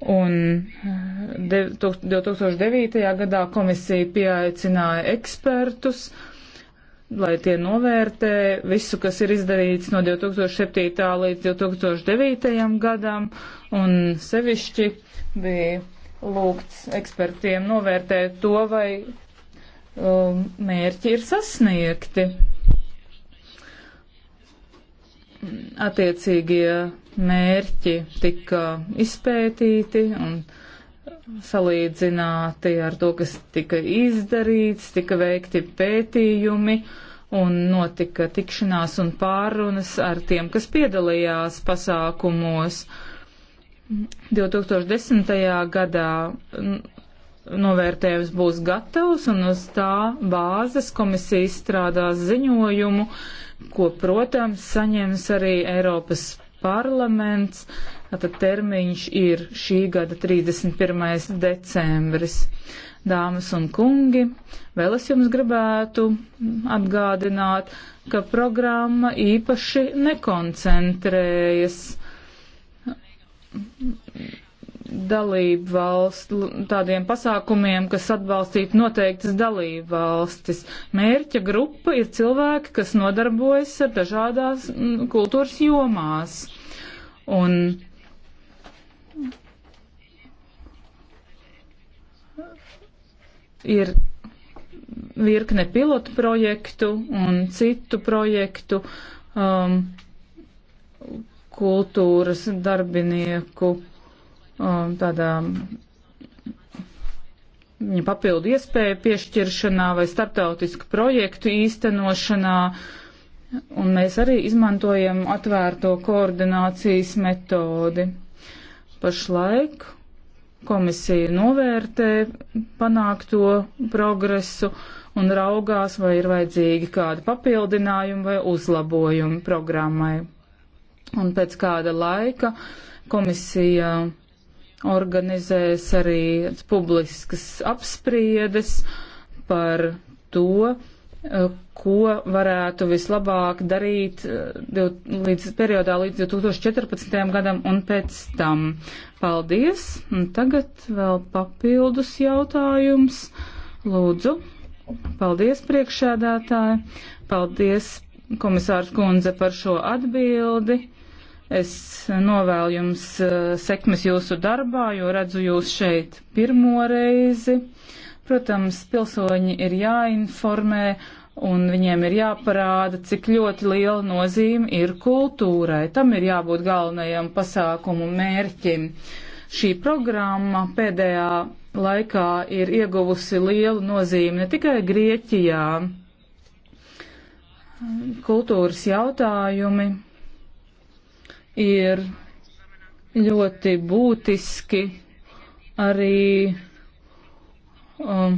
Speaker 3: Un 2009. Eh, gadā komisija pieaicināja ekspertus, lai tie novērtē visu, kas ir izdarīts no 2007. līdz 2009. gadam, un sevišķi bija lūgts ekspertiem novērtēt to, vai um, mērķi ir sasniegti. Attiecīgie mērķi tika izpētīti un salīdzināti ar to, kas tika izdarīts, tika veikti pētījumi un notika tikšanās un pārunas ar tiem, kas piedalījās pasākumos. 2010. gadā novērtējums būs gatavs un uz tā bāzes komisija strādās ziņojumu, ko, protams, saņems arī Eiropas parlaments. Tātad termiņš ir šī gada 31. decembris. Dāmas un kungi, vēl es jums gribētu atgādināt, ka programma īpaši nekoncentrējas dalību valstu, tādiem pasākumiem, kas atbalstītu noteiktas dalību valstis. Mērķa grupa ir cilvēki, kas nodarbojas ar dažādās kultūras jomās. Un ir virkne pilotu projektu un citu projektu um, kultūras darbinieku um, tādā papildu iespēju piešķiršanā vai starptautisku projektu īstenošanā. Un mēs arī izmantojam atvērto koordinācijas metodi. Pašlaik komisija novērtē panākto progresu un raugās, vai ir vajadzīgi kādi papildinājumi vai uzlabojumi programmai. Un pēc kāda laika komisija organizēs arī publiskas apspriedes par to, eh, ko varētu vislabāk darīt eh, līdz periodā līdz 2014. gadam un pēc tam. Paldies! Un tagad vēl papildus jautājums. Lūdzu! Paldies priekšēdātāji! Paldies komisārs kundze par šo atbildi! Es novēlu jums eh, sekmes jūsu darbā, jo redzu jūs šeit pirmo reizi. Protams, pilsoņi ir jāinformē un viņiem ir jāparāda, cik ļoti liela nozīme ir kultūrai. Tam ir jābūt galvenajam pasākumu mērķim. Šī programma pēdējā laikā ir ieguvusi lielu nozīmi ne tikai Grieķijā. Kultūras jautājumi ir ļoti būtiski arī, um,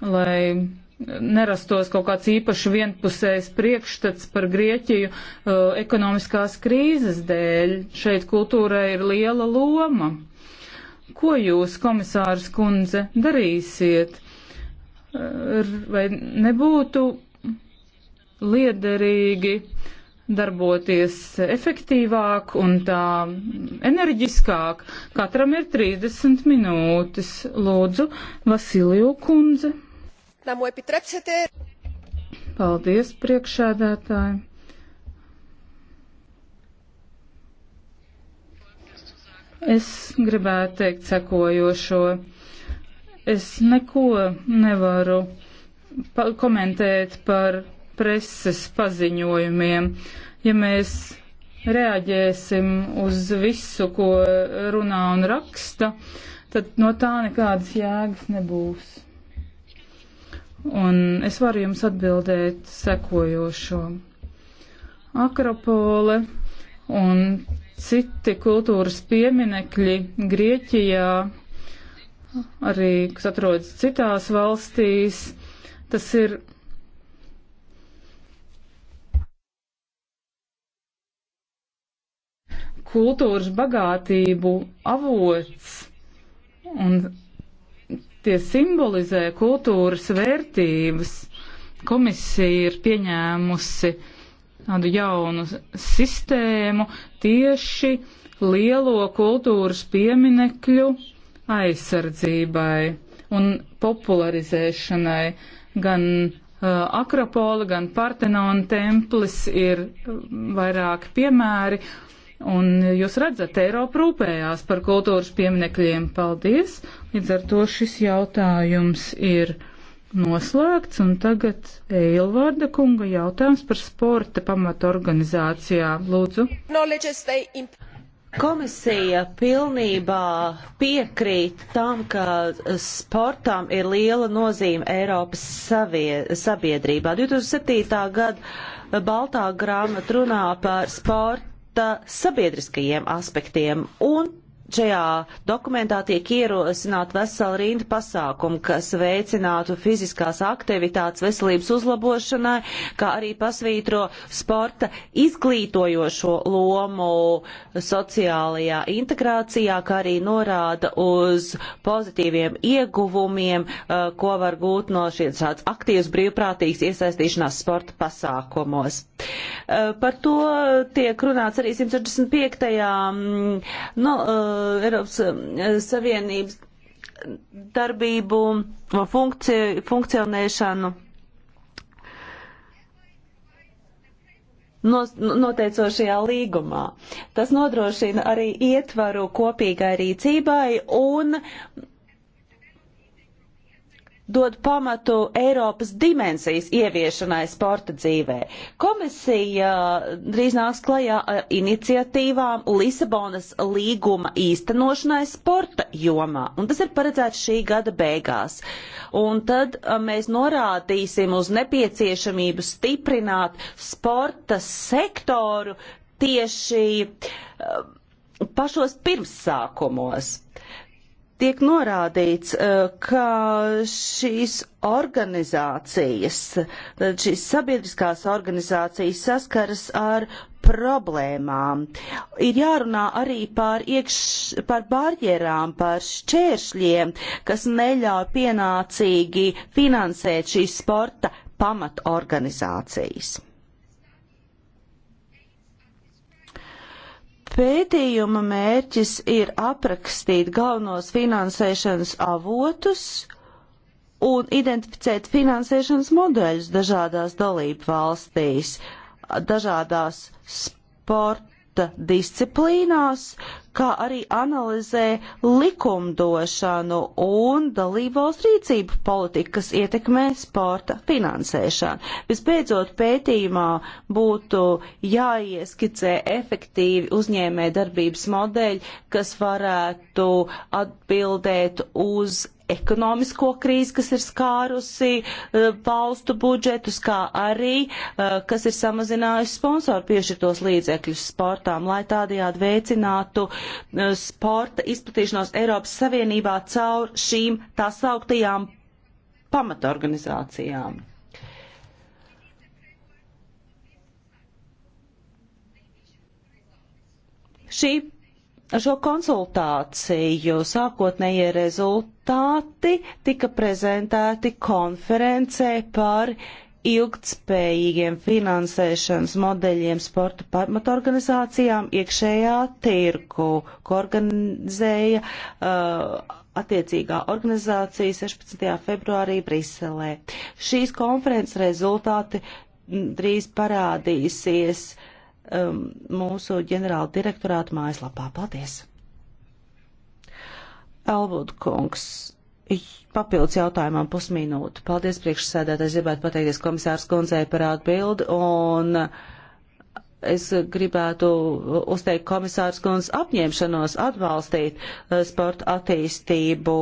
Speaker 3: lai nerastos kaut kāds īpaši vienpusējs priekšstats par Grieķiju uh, ekonomiskās krīzes dēļ. Šeit kultūrai ir liela loma. Ko jūs, komisārs kundze, darīsiet? Uh, vai nebūtu liederīgi uh, darboties efektīvāk un tā enerģiskāk. Katram ir 30 minūtes. Lūdzu, Vasiliju kundze. Paldies, priekšēdētāji. Es gribētu teikt sekojošo. Es neko nevaru komentēt par preses paziņojumiem. Ja mēs reaģēsim uz visu, ko runā un raksta, tad no tā nekādas jēgas nebūs. Un es varu jums atbildēt sekojošo. Akropole un citi kultūras pieminekļi Grieķijā, arī kas atrodas citās valstīs, tas ir kultūras bagātību avots un tie simbolizē kultūras vērtības. Komisija ir pieņēmusi tādu jaunu sistēmu tieši lielo kultūras pieminekļu aizsardzībai un popularizēšanai. Gan uh, Akropola, gan Partenona templis ir uh, vairāki piemēri, Un jūs redzat, Eiropa rūpējās par kultūras pieminekļiem. Paldies! Līdz ar to šis jautājums ir noslēgts, un tagad Eilvārda kunga jautājums par sporta pamata organizācijā. Lūdzu!
Speaker 1: Komisija pilnībā piekrīt tam, ka sportam ir liela nozīme Eiropas savie, sabiedrībā. 2007. gada Baltā grāmata runā par sportu sabiedriskajiem aspektiem un Šajā dokumentā tiek ierosināt vesela rinda pasākumu, kas veicinātu fiziskās aktivitātes veselības uzlabošanai, kā arī pasvītro sporta izglītojošo lomu sociālajā integrācijā, kā arī norāda uz pozitīviem ieguvumiem, eh, ko var gūt no šīs tāds aktīvs brīvprātīgs iesaistīšanās sporta pasākumos. Eh, par to tiek runāts arī 165. Mm, no, eh, Eiropas eh, Savienības darbību, funkciju, funkcionēšanu. noteicošajā līgumā. Tas nodrošina arī ietvaru kopīgai rīcībai un dod pamatu Eiropas dimensijas ieviešanai sporta dzīvē. Komisija uh, drīz nāks klajā ar iniciatīvām Lisabonas līguma īstenošanai sporta jomā, un tas ir paredzēts šī gada beigās. Un tad uh, mēs norādīsim uz nepieciešamību stiprināt sporta sektoru tieši uh, pašos pirmsākumos tiek norādīts, eh, ka šīs organizācijas, eh, šīs sabiedriskās organizācijas saskaras ar problēmām. Ir jārunā arī par, iekš, par barjerām, par šķēršļiem, kas neļauj pienācīgi finansēt šīs sporta pamatorganizācijas. Pētījuma mērķis ir aprakstīt galvenos finansēšanas avotus un identificēt finansēšanas modeļus dažādās dalību valstīs, dažādās sporta disciplīnās, kā arī analizē likumdošanu un dalībvalsts rīcību politiku, kas ietekmē sporta finansēšanu. Vispēcot pētījumā būtu jāieskicē efektīvi uzņēmē darbības modeļi, kas varētu atbildēt uz ekonomisko krīzi, kas ir skārusi e, valstu uh, budžetus, kā arī, uh, kas ir samazinājusi sponsoru piešķirtos līdzekļus sportām, lai tādējādi veicinātu uh, Eh, sporta izplatīšanos Eiropas Savienībā caur šīm tā sauktajām pamatorganizācijām. Šī, šo konsultāciju sākotnējie rezultāti tika prezentēti konferencē par ilgtspējīgiem finansēšanas modeļiem sporta pamatorganizācijām iekšējā tirku, ko organizēja uh, attiecīgā organizācija 16. februārī Briselē. Šīs konferences rezultāti drīz parādīsies um, mūsu ģenerāla direktorāta mājaslapā. Paldies! Elvud kungs, papildus jautājumam pusminūtu. Paldies priekšsēdētājs, gribētu pateikties komisārs Kunzei par atbildi un es gribētu uzteikt komisārs Kunz apņemšanos atbalstīt eh, sporta attīstību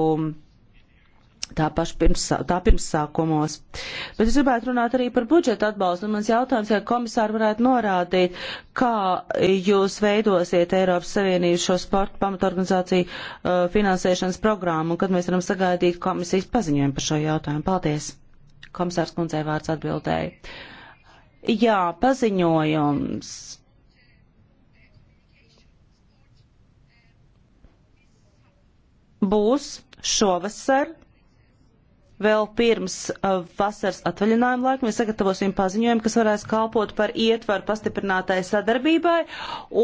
Speaker 1: Tā paša pirms, tā pirmsākumos. Bet es gribētu runāt arī par budžeta atbalstu. Mans jautājums, vai ja komisāri varētu norādīt, kā jūs veidosiet Eiropas Savienības šo sporta pamatorganizāciju uh, finansēšanas programmu, un kad mēs varam sagaidīt komisijas paziņojumu par šo jautājumu. Paldies! Komisārs kundzei vārds atbildēja. Jā, paziņojums. Būs šovasar vēl pirms uh, vasaras atvaļinājuma laika mēs sagatavosim paziņojumu, kas varēs kalpot par ietvaru pastiprinātai sadarbībai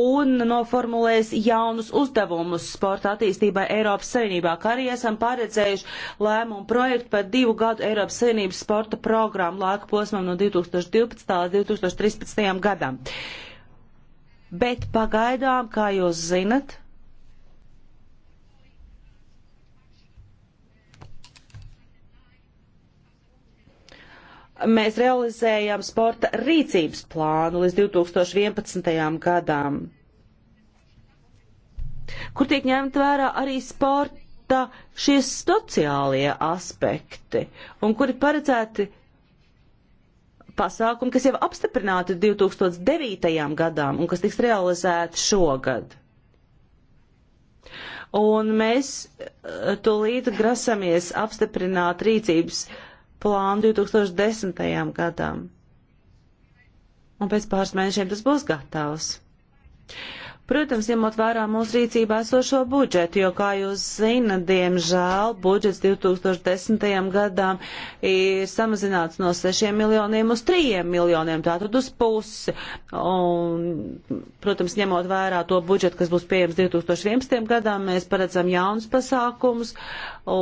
Speaker 1: un noformulēs jaunus uzdevumus sporta attīstībai Eiropas Savienībā, kā arī esam paredzējuši lēmumu projektu par divu gadu Eiropas Savienības sporta programmu laika posmam no 2012. līdz 2013. gadam. Bet pagaidām, kā jūs zinat, mēs realizējam sporta rīcības plānu līdz 2011. gadam, kur tiek ņemt vērā arī sporta šie sociālie aspekti un kuri paredzēti pasākumi, kas jau apstiprināti 2009. gadām un kas tiks realizēti šogad. Un mēs eh, tūlīt grasamies apstiprināt rīcības uh, plānu 2010. gadam. Un pēc pāris mēnešiem tas būs gatavs. Protams, ņemot vērā mūsu rīcībā esošo budžetu, jo, kā jūs zinat, diemžēl budžets 2010. gadām ir samazināts no 6 miljoniem uz 3 miljoniem, tātad uz pusi. Un, protams, ņemot vērā to budžetu, kas būs pieejams 2011. gadām, mēs paredzam jaunus pasākumus, o,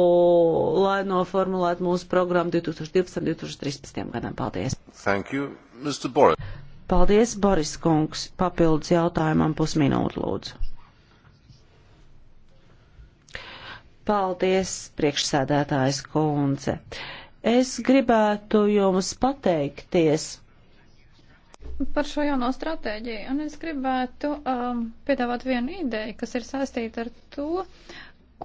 Speaker 1: lai noformulētu mūsu programmu 2012. un 2013. gadam. Paldies! Thank you, Mr. Boris. Paldies, Boris Kungs. Papildus jautājumam pusminūtu lūdzu. Paldies, priekšsēdētājs Kunze. Es gribētu jums pateikties
Speaker 2: par šo jauno stratēģiju, un es gribētu um, piedāvāt vienu ideju, kas ir saistīta ar to,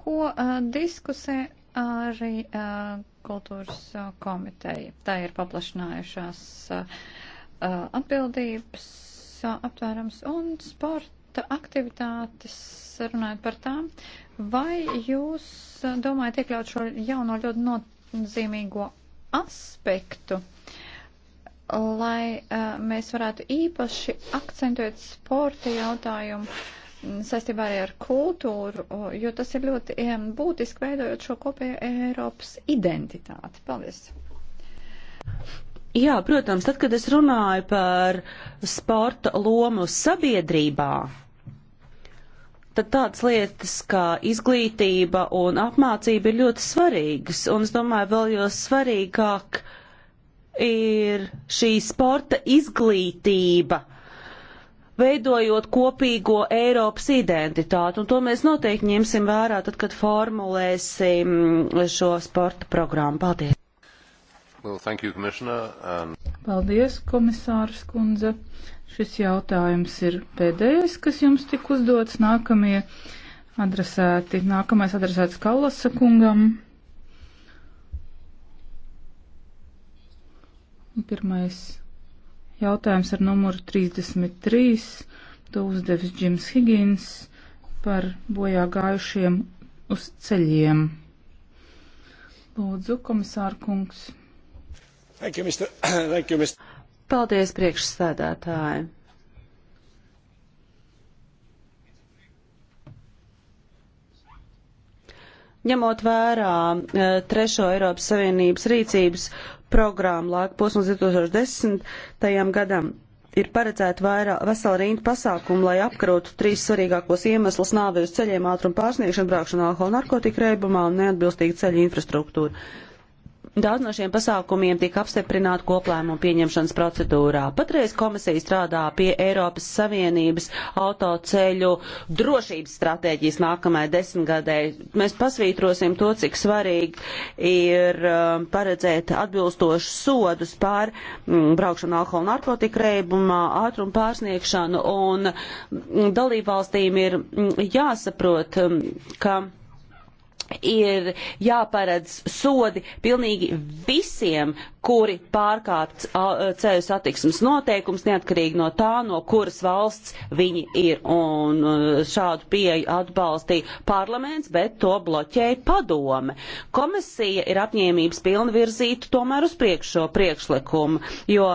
Speaker 2: ko uh, diskusē arī uh, kultūras uh, komiteja. Tā ir paplašinājušās. Uh, atbildības aptvērums un sporta aktivitātes, runājot par tām. Vai jūs domājat iekļaut šo jauno ļoti nozīmīgo aspektu, lai mēs varētu īpaši akcentēt sporta jautājumu saistībā arī ar kultūru, jo tas ir ļoti būtiski veidojot šo kopējo Eiropas identitāti. Paldies!
Speaker 1: Jā, protams, tad, kad es runāju par sporta lomu sabiedrībā, tad tādas lietas kā izglītība un apmācība ir ļoti svarīgas. Un es domāju, vēl jo svarīgāk ir šī sporta izglītība, veidojot kopīgo Eiropas identitāti. Un to mēs noteikti ņemsim vērā, tad, kad formulēsim šo sporta programmu. Paldies!
Speaker 2: Well, thank you, and...
Speaker 1: Paldies,
Speaker 3: komisārs kundze. Šis jautājums ir pēdējais, kas jums tik uzdots. Nākamie adresēti, nākamais adresēts Kallasa kungam. Pirmais jautājums ar numuru 33. To uzdevis Džims Higgins par bojā gājušiem uz ceļiem. Lūdzu, komisārkungs.
Speaker 1: Thank you, Mr. Thank you, Mr. Paldies, priekšsēdētāji. Ņemot vērā eh, trešo Eiropas Savienības rīcības programmu laika posmu 2010. gadam, ir paredzēta vairāk vesela rinda pasākumu, lai apkarotu trīs svarīgākos iemeslus - nāvi uz ceļiem, ātrumu pārsniegšanu, brākšanu alkoholu narkotiku reibumā un neatbilstīgu ceļu infrastruktūru. Daudz no šiem pasākumiem tika apstiprināti koplēmumu pieņemšanas procedūrā. Patreiz komisija strādā pie Eiropas Savienības autoceļu drošības stratēģijas nākamajai desmitgadē. Mēs pasvītrosim to, cik svarīgi ir um, paredzēt atbilstošus sodus pār mm, braukšanu alkohola narkotika reibumā, ātrumu pārsniegšanu un mm, dalībvalstīm ir mm, jāsaprot, ka ir jāparedz sodi pilnīgi visiem kuri pārkāpt ceļu satiksmes noteikums, neatkarīgi no tā, no kuras valsts viņi ir. Un šādu pieeju atbalstīja parlaments, bet to bloķēja padome. Komisija ir apņēmības pilna virzīt tomēr uz priekšu šo priekšlikumu, jo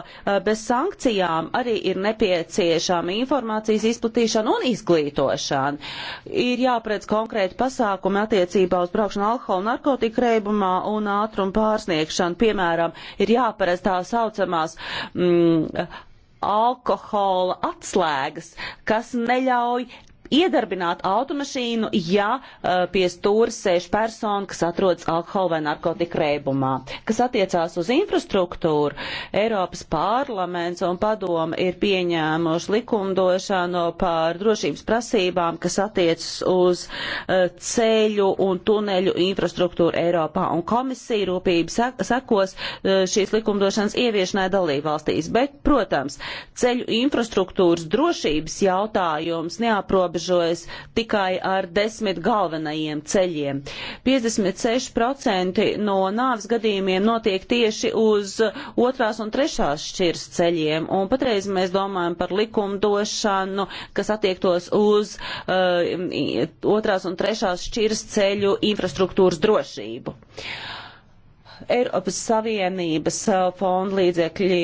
Speaker 1: bez sankcijām arī ir nepieciešama informācijas izplatīšana un izglītošana. Ir jāpredz konkrēti pasākumi attiecībā uz braukšanu alkoholu, narkotiku reibumā un ātrumu pārsniegšanu. Piemēram, ir jāparedz tā saucamās mm, alkohola atslēgas, kas neļauj iedarbināt automašīnu, ja uh, pie stūra sēž persona, kas atrodas alkohola vai narkotika rēbumā. Kas attiecās uz infrastruktūru, Eiropas parlaments un padoma ir pieņēmuši likumdošanu par drošības prasībām, kas attiecas uz uh, ceļu un tuneļu infrastruktūru Eiropā. Un komisija rūpīgi sekos uh, šīs likumdošanas ieviešanai dalībvalstīs. Bet, protams, ceļu infrastruktūras drošības jautājums neaprobežo aprobežojas tikai ar desmit galvenajiem ceļiem. 56% no nāves gadījumiem notiek tieši uz otrās un trešās šķirs ceļiem, un patreiz mēs domājam par likumdošanu, kas attiektos uz uh, otrās un trešās šķirs ceļu infrastruktūras drošību. Uh, Eiropas Savienības uh, fonda līdzekļi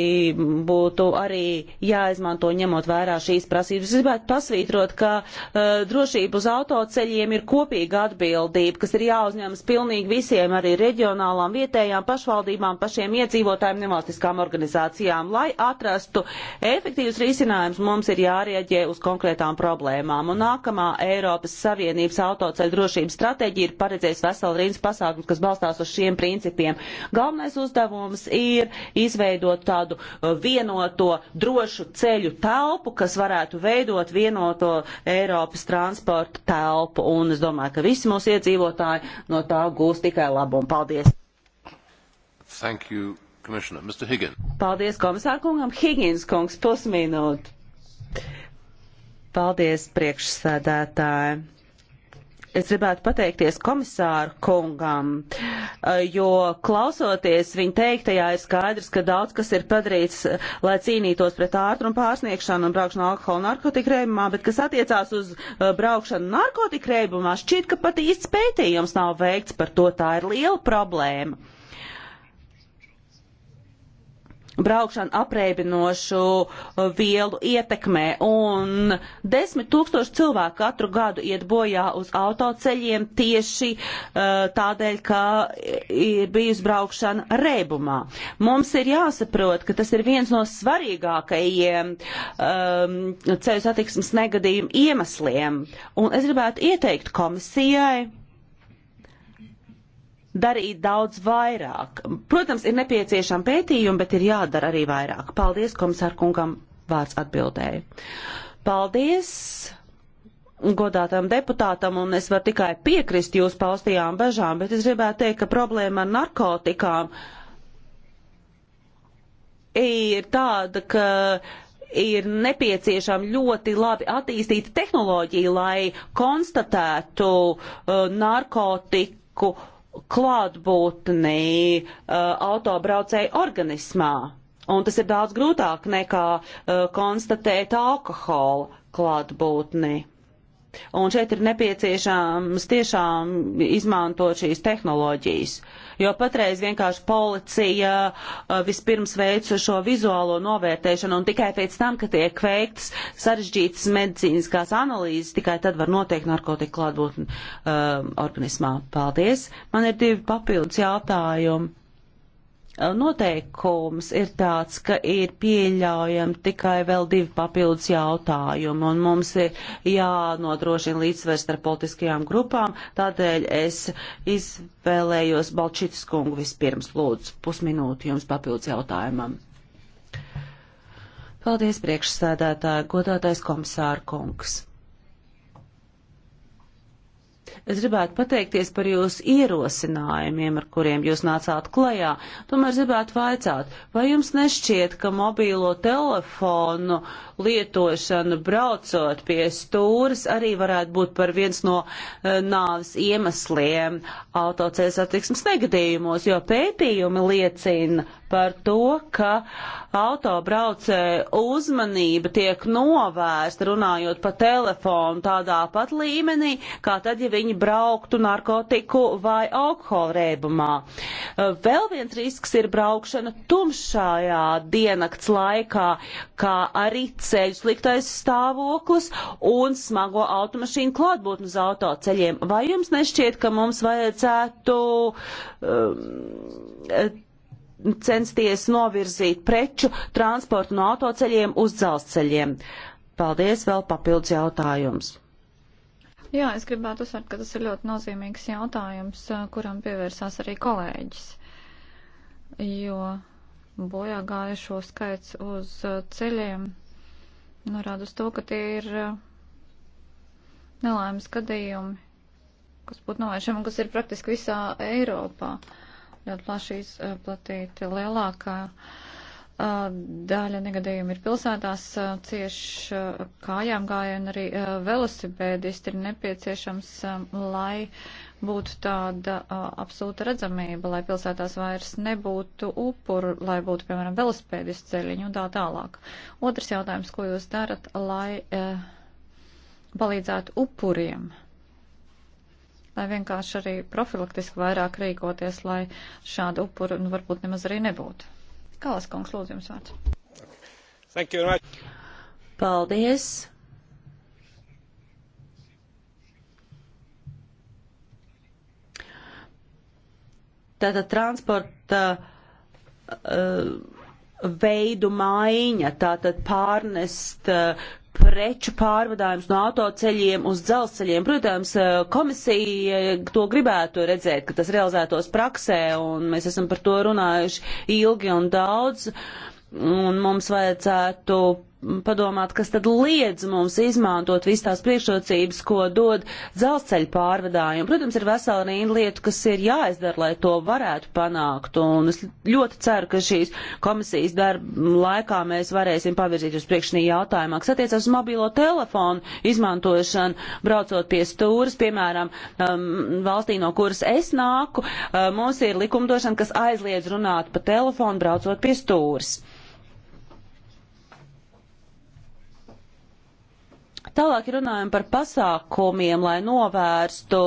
Speaker 1: būtu arī jāizmanto ņemot vērā šīs prasības. Es gribētu pasvītrot, ka uh, drošība uz autoceļiem ir kopīga atbildība, kas ir jāuzņemas pilnīgi visiem, arī reģionālām, vietējām pašvaldībām, pašiem iedzīvotājiem, nevalstiskām organizācijām. Lai atrastu efektīvus risinājumus, mums ir jārieģē uz konkrētām problēmām. Un nākamā Eiropas Savienības autoceļu drošības stratēģija ir paredzējusi veselu rindu pasākumus, kas balstās uz šiem principiem. Galvenais uzdevums ir izveidot tādu uh, vienoto drošu ceļu telpu, kas varētu veidot vienoto Eiropas transporta telpu. Un es domāju, ka visi mūsu iedzīvotāji no tā gūs tikai labumu. Paldies!
Speaker 2: Thank you. Paldies
Speaker 1: komisārkungam. Higgins kungs, pusminūte. Paldies priekšsēdētājiem. Es gribētu pateikties komisāru kungam. Uh, jo klausoties viņa teiktajā ir skaidrs, ka daudz kas ir padarīts, lai cīnītos pret ātrumu pārsniegšanu un braukšanu alkoholu narkotiku reibumā, bet kas attiecās uz uh, braukšanu narkotiku reibumā, šķiet, ka pat īsts pētījums nav veikts par to, tā ir liela problēma braukšana apreibinošu uh, vielu ietekmē, un desmit tūkstoši cilvēku katru gadu iet bojā uz autoceļiem tieši uh, tādēļ, ka ir bijusi braukšana reibumā. Mums ir jāsaprot, ka tas ir viens no svarīgākajiem um, ceļu satiksmes negadījumu iemesliem, un es gribētu ieteikt komisijai darīt daudz vairāk. Protams, ir nepieciešama pētījuma, bet ir jādara arī vairāk. Paldies, komisārkungam, vārds atbildēja. Paldies godātam deputātam, un es varu tikai piekrist jūs paustajām bažām, bet es gribētu teikt, ka problēma ar narkotikām ir tāda, ka ir nepieciešama ļoti labi attīstīta tehnoloģija, lai konstatētu uh, narkotiku uh, klātbūtnī uh, autobraucēju organismā. Un tas ir daudz grūtāk nekā uh, konstatēt alkohola klātbūtni. Un šeit ir nepieciešams tiešām izmantot šīs tehnoloģijas. Uh, jo patreiz vienkārši policija uh, vispirms veic šo vizuālo novērtēšanu un tikai pēc tam, kad tiek veiktas sarežģītas medicīniskās analīzes, tikai tad var noteikt narkotiku klātbūtni um, organismā. Paldies! Man ir divi papildus jautājumi. Eh, noteikums ir tāds, ka ir pieļaujami tikai vēl divi papildus jautājumi, un mums ir jānodrošina līdzsvers ar politiskajām grupām, tādēļ es izvēlējos Balčītis kungu vispirms, lūdzu, pusminūti jums papildus jautājumam. Paldies priekšsēdētāji, godātais komisāra kungs. Es gribētu pateikties par jūsu ierosinājumiem, ar kuriem jūs nācāt klajā. Tomēr gribētu vaicāt, vai jums nešķiet, ka mobīlo telefonu lietošana braucot pie stūras arī varētu būt par viens no uh, nāves iemesliem autoceļa satiksmes negadījumos, jo pētījumi liecina par to, ka autobraucēja uzmanība tiek novērsta runājot pa telefonu tādā pat līmenī, kā tad, ja viņi brauktu narkotiku vai alkohola rēbumā. Uh, vēl viens risks ir braukšana tumšajā dienakts laikā, kā arī ceļu sliktais stāvoklis un smago automašīnu klātbūtni uz autoceļiem. Vai jums nešķiet, ka mums vajadzētu um, censties novirzīt preču transportu no autoceļiem uz dzelzceļiem. Paldies, vēl papildus jautājums.
Speaker 2: Jā, es gribētu uzsvērt, ka tas ir ļoti nozīmīgs jautājums, kuram pievērsās arī kolēģis. Jo bojā gājušo skaits uz ceļiem norāda uz to, ka tie ir nelaimes gadījumi, kas būtu novēršami, kas ir praktiski visā Eiropā. Uh, ļoti plaši izplatīti. Lielākā daļa negadījumu ir pilsētās, cieši kājām gāja un arī velosipēdisti ir nepieciešams, lai būtu tāda absolūta redzamība, lai pilsētās vairs nebūtu upuru, lai būtu, piemēram, velosipēdisti ceļiņi un tā tālāk. Otrs jautājums, ko jūs darat, lai palīdzētu upuriem? lai vienkārši arī profilaktiski vairāk rīkoties, lai šādu upuru nu, varbūt nemaz arī nebūtu. Kālas kungs, lūdzu jums vārds.
Speaker 1: Paldies! Tātad transporta uh, veidu maiņa, tātad pārnest uh, preču pārvadājums no autoceļiem uz dzelzceļiem. Protams, eh, komisija eh, to gribētu redzēt, ka tas realizētos praksē, un mēs esam par to runājuši ilgi un daudz, un mums vajadzētu padomāt, kas tad liedz mums izmantot visu tās priekšrocības, ko dod dzelzceļa pārvadājumi. Protams, ir vesela rīna lietu, kas ir jāizdara, lai to varētu panākt. Un es ļoti ceru, ka šīs komisijas darba laikā mēs varēsim pavirzīt uz priekšnī jautājumā, kas attiecas uz mobilo telefonu izmantošanu, braucot pie stūras, piemēram, um, valstī, no kuras es nāku, uh, mums ir likumdošana, kas aizliedz runāt pa telefonu, braucot pie stūras. Tālāk runājam par pasākumiem, lai novērstu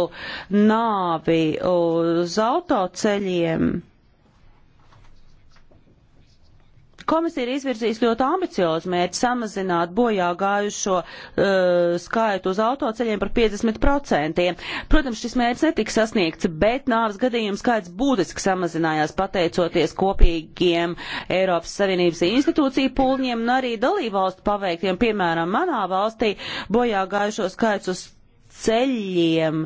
Speaker 1: nāvi uz autoceļiem. Komisija ir izvirzījusi ļoti ambiciozu mērķi samazināt bojā gājušo uh, skaitu uz autoceļiem par 50%. Protams, šis mērķis netika sasniegts, bet nāves gadījumu skaits būtiski samazinājās pateicoties kopīgiem Eiropas Savienības institūciju pūliņiem un arī dalībvalstu paveiktiem. Piemēram, manā valstī bojā gājušo skaits uz ceļiem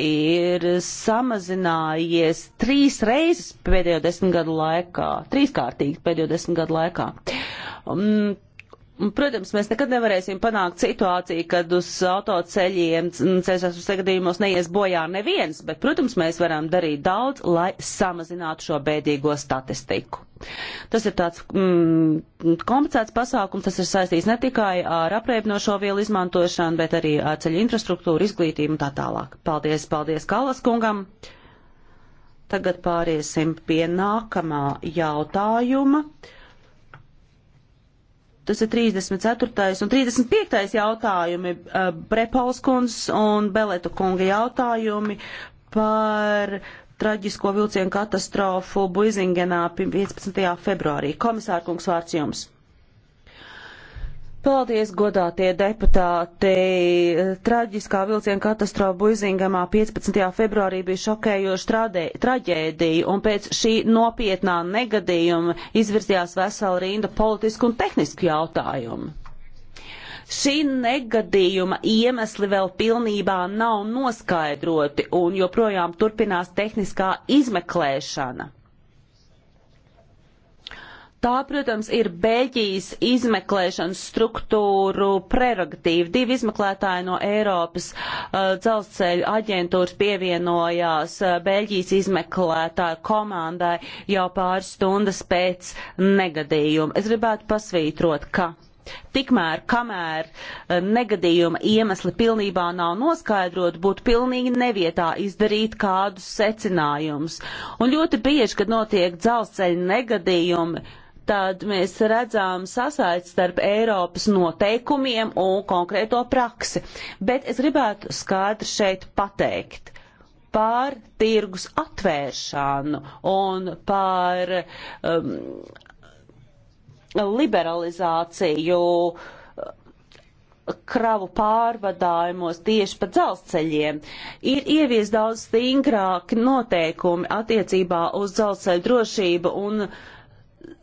Speaker 1: ir samazinājies trīs reizes pēdējo desmit gadu laikā, trīskārtīgi pēdējo desmit gadu laikā. Um, Protams, mēs nekad nevarēsim panākt situāciju, kad uz autoceļiem ceļšās sagadījumos neies bojā neviens, bet, protams, mēs varam darīt daudz, lai samazinātu šo bēdīgo statistiku. Tas ir tāds mm, komplicēts pasākums, tas ir saistīts ne tikai ar apreibnošo vielu izmantošanu, bet arī ar ceļu infrastruktūru, izglītību un tā tālāk. Paldies, paldies Kalas kungam. Tagad pāriesim pie nākamā jautājuma. Tas ir 34. un 35. jautājumi eh, Brepols kundzes un Beletu kunga jautājumi par traģisko vilcienu katastrofu Buizingenā 15. februārī. Komisārkungs vārds jums. Paldies, godātie deputāti! Traģiskā vilciena katastrofa Buizingamā 15. februārī bija šokējoša traģēdija, un pēc šī nopietnā negadījuma izvirzījās vesela rinda politisku un tehnisku jautājumu. Šī negadījuma iemesli vēl pilnībā nav noskaidroti, un joprojām turpinās tehniskā izmeklēšana. Tā, protams, ir Beļģijas izmeklēšanas struktūru prerogatīva. Divi izmeklētāji no Eiropas uh, dzelzceļu aģentūras pievienojās uh, Beļģijas izmeklētāju komandai jau pāris stundas pēc negadījuma. Es gribētu pasvītrot, ka. Tikmēr, kamēr uh, negadījuma iemesli pilnībā nav noskaidrot, būtu pilnīgi nevietā izdarīt kādus secinājumus. Un ļoti bieži, kad notiek dzelzceļa negadījumi, tad mēs redzam sasaist starp Eiropas noteikumiem un konkrēto praksi. Bet es gribētu skaidri šeit pateikt par tirgus atvēršanu un par um, liberalizāciju kravu pārvadājumos tieši pa dzelzceļiem. Ir ievies daudz stingrāki noteikumi attiecībā uz dzelzceļu drošību un uh,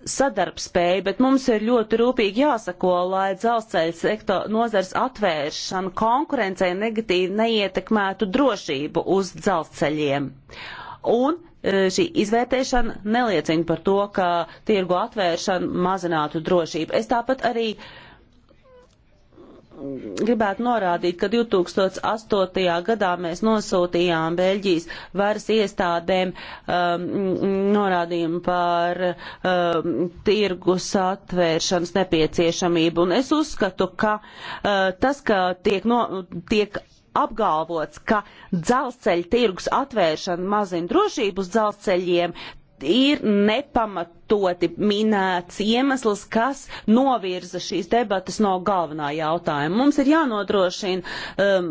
Speaker 1: sadarbspēju, bet mums ir ļoti rūpīgi jāsako, lai dzelzceļa sektora nozars atvēršana konkurencei negatīvi neietekmētu drošību uz dzelzceļiem. Un e, šī izvērtēšana neliecina par to, ka tirgu atvēršana mazinātu drošību. Es tāpat arī uh, gribētu norādīt, ka 2008. gadā mēs nosūtījām Beļģijas varas iestādēm um, norādījumu par um, tirgus atvēršanas nepieciešamību. Un es uzskatu, ka uh, tas, ka tiek, no, tiek apgalvots, ka dzelzceļa tirgus atvēršana mazina drošības dzelzceļiem, ir nepamatot pamatoti minēts iemesls, kas novirza šīs debatas no galvenā jautājuma. Mums ir jānodrošina um,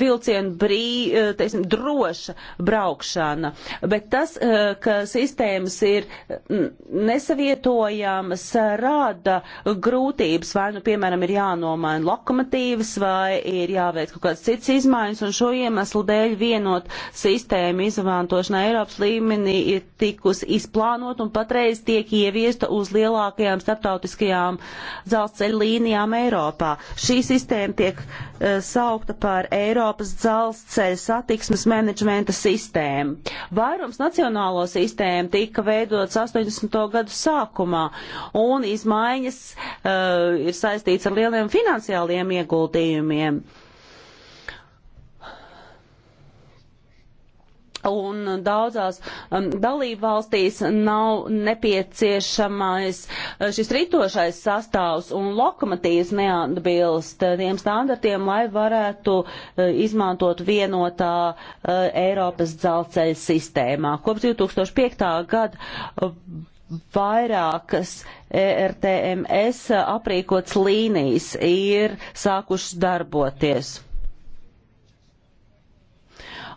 Speaker 1: vilcienu brī, uh, teiksim, droša braukšana, bet tas, uh, ka sistēmas ir mm, nesavietojamas, rāda grūtības, vai, nu, piemēram, ir jānomaina lokomotīvas, vai ir jāveic kaut kāds cits izmaiņas, un šo iemeslu dēļ vienot sistēmu izmantošanai Eiropas līmenī ir tikus izplānot, un patreiz tie tiek ieviesta uz lielākajām starptautiskajām dzelzceļa līnijām Eiropā. Šī sistēma tiek uh, saukta par Eiropas dzelzceļa satiksmes menedžmenta sistēmu. Vairums nacionālo sistēmu tika veidots 80. gadu sākumā, un izmaiņas uh, ir saistīts ar lieliem finansiāliem ieguldījumiem. Uh, un daudzās um, dalību valstīs nav nepieciešamais uh, šis ritošais sastāvs un lokomotīvs neatbilst uh, tiem standartiem, lai varētu uh, izmantot vienotā Eiropas dzelceļa sistēmā. Kopš 2005. gada vairākas ERTMS aprīkots līnijas ir sākušas darboties.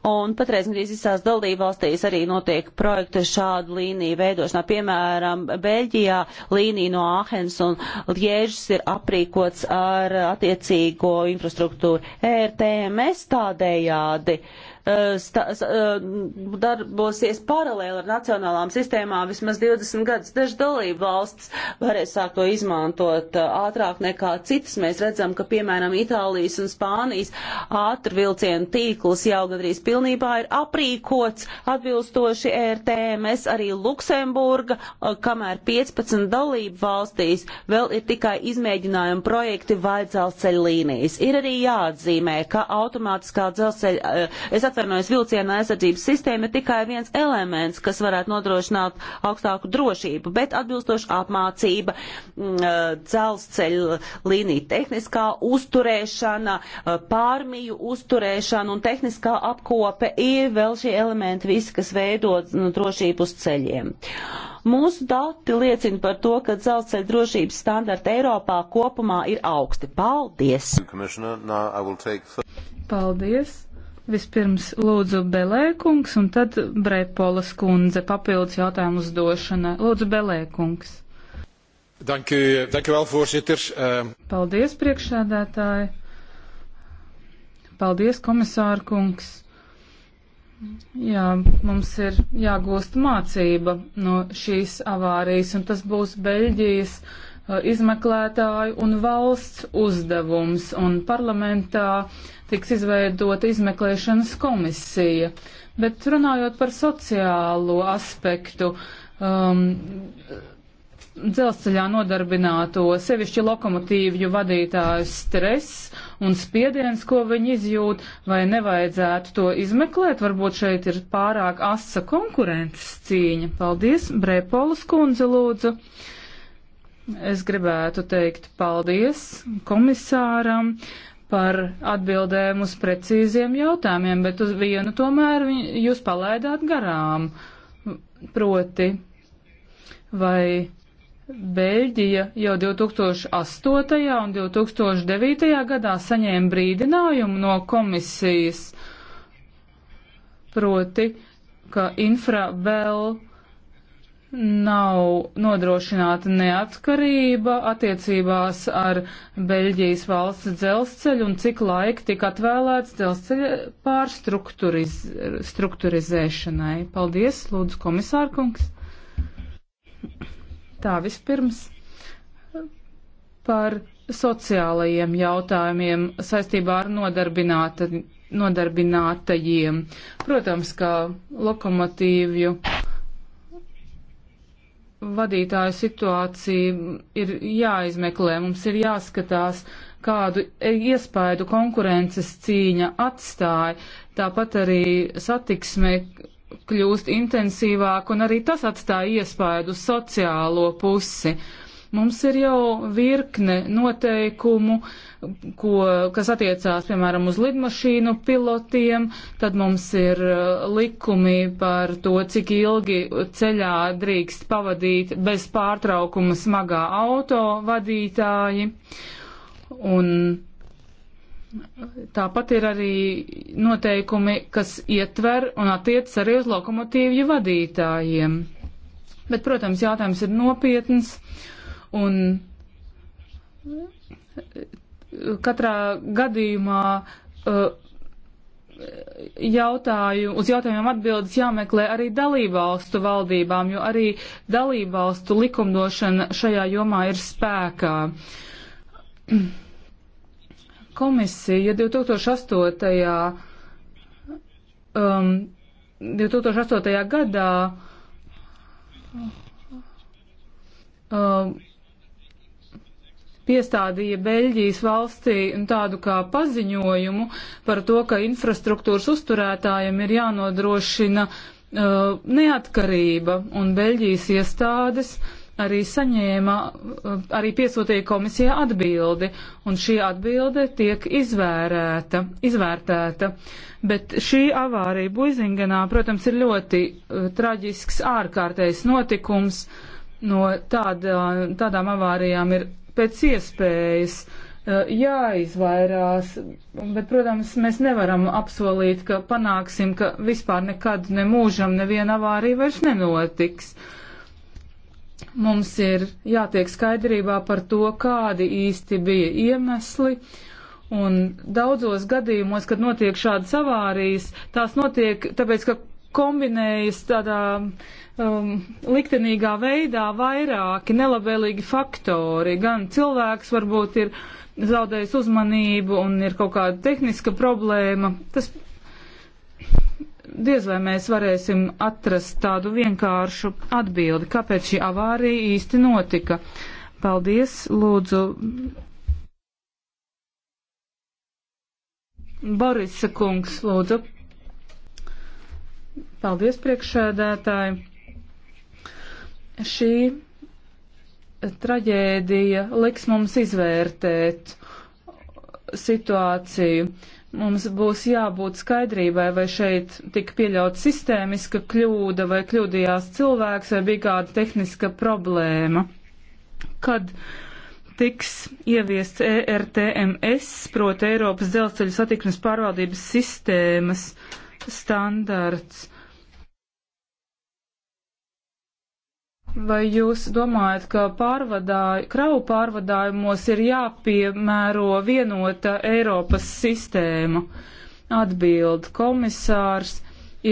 Speaker 1: Un patreiz gandrīz visās dalībvalstīs arī notiek projekti šādu līniju veidošanā. Piemēram, Beļģijā līnija no Āhens un Liežas ir aprīkots ar attiecīgo infrastruktūru. ERTMS tādējādi. Uh, Eh, stā, eh, darbosies paralēli ar nacionālām sistēmām vismaz 20 gadus. Dažas dalība valsts varēs sākt to izmantot eh, ātrāk nekā citas. Mēs redzam, ka piemēram Itālijas un Spānijas ātrvilcienu tīkls jau gadrīz pilnībā ir aprīkots atbilstoši e RTMS arī Luksemburga, kamēr 15 dalību valstīs vēl ir tikai izmēģinājumi projekti vai dzelzceļa līnijas. Ir arī jāatzīmē, ka automātiskā dzelzceļa, es atvainojas, vilciena aizsardzības sistēma ir tikai viens elements, kas varētu nodrošināt augstāku drošību, bet atbilstoša apmācība, mm, dzelzceļa līnija tehniskā uzturēšana, pārmiju uzturēšana un tehniskā apkope ir vēl šie elementi visi, kas veido nu, drošību uz ceļiem. Mūsu dati liecina par to, ka dzelzceļa drošības standarti Eiropā kopumā ir augsti. Paldies! Paldies!
Speaker 3: Vispirms lūdzu Belēkungs un tad Brepolas kundze papildus jautājumu uzdošana. Lūdzu Belēkungs. Dank u, dank u wel,
Speaker 2: voorzitter. Uh...
Speaker 3: Paldies, priekšsēdētāji. Paldies, komisārkungs. Jā, mums ir jāgūst mācība no šīs avārijas, un tas būs Beļģijas Uh, izmeklētāju un valsts uzdevums, un parlamentā tiks izveidota izmeklēšanas komisija. Bet runājot par sociālo aspektu, um, dzelzceļā nodarbināto sevišķi lokomotīvju vadītāju stress un spiediens, ko viņi izjūt, vai nevajadzētu to izmeklēt, varbūt šeit ir pārāk asa konkurences cīņa. Paldies, Brēpolas kundze lūdzu. Uh, Es gribētu teikt paldies komisāram par atbildēm uz precīziem jautājumiem, bet uz vienu tomēr jūs palaidāt garām. Proti, vai Beļģija jau 2008. un 2009. gadā saņēma brīdinājumu no komisijas, proti, ka infrabēl nav nodrošināta neatkarība attiecībās ar Beļģijas valsts dzelzceļu un cik laika tika atvēlēts dzelzceļa pārstrukturizēšanai. Paldies, lūdzu, komisārkungs. Tā vispirms par sociālajiem jautājumiem saistībā ar nodarbināta, nodarbinātajiem. Protams, kā lokomotīvju vadītāju situācija ir jāizmeklē, mums ir jāskatās, kādu iespaidu konkurences cīņa atstāja. Tāpat arī satiksme kļūst intensīvāk, un arī tas atstāja iespaidu sociālo pusi. Uh, Mums ir jau virkne noteikumu, ko, kas attiecās, piemēram, uz lidmašīnu pilotiem, tad mums ir uh, likumi par to, cik ilgi ceļā drīkst pavadīt bez pārtraukuma smagā auto vadītāji. Un Tāpat ir arī noteikumi, kas ietver un attiecas arī uz lokomotīvju vadītājiem. Bet, protams, jautājums ir nopietns, Un katrā gadījumā uh, jautāju, uz jautājumiem atbildes jāmeklē arī dalībvalstu valdībām, jo arī dalībvalstu likumdošana šajā jomā ir spēkā. Komisija 2008. Um, 2008. gadā um, iestādīja Beļģijas valstī tādu kā paziņojumu par to, ka infrastruktūras uzturētājiem ir jānodrošina uh, neatkarība, un Beļģijas iestādes arī saņēma, uh, arī piesūtīja komisijā atbildi, un šī atbilde tiek izvērēta, izvērtēta. Bet šī avārija Buizingenā, protams, ir ļoti uh, traģisks ārkārtējs notikums. No tādā, tādām avārijām ir pēc iespējas eh, jāizvairās, bet, protams, mēs nevaram apsolīt, ka panāksim, ka vispār nekad ne mūžam neviena avārija vairs nenotiks. Mums ir jātiek skaidrībā par to, kādi īsti bija iemesli, un daudzos gadījumos, kad notiek šādas avārijas, tās notiek tāpēc, ka kombinējas tādā uh, um, liktenīgā veidā vairāki nelabvēlīgi faktori. Gan cilvēks varbūt ir zaudējis uzmanību un ir kaut kāda tehniska problēma. Tas diez vai mēs varēsim atrast tādu vienkāršu atbildi, kāpēc šī avārija īsti notika. Paldies, lūdzu. Borisa kungs, lūdzu. Paldies, priekšsēdētāji. Šī traģēdija liks mums izvērtēt situāciju. Mums būs jābūt skaidrībai, vai šeit tika pieļauta sistēmiska kļūda, vai kļūdījās cilvēks, vai bija kāda tehniska problēma. Kad tiks ieviests ERTMS, proti Eiropas dzelzceļa satiknes pārvaldības sistēmas standarts, uh, Vai jūs domājat, ka pārvadāj, kravu pārvadājumos ir jāpiemēro vienota Eiropas sistēma? Atbild komisārs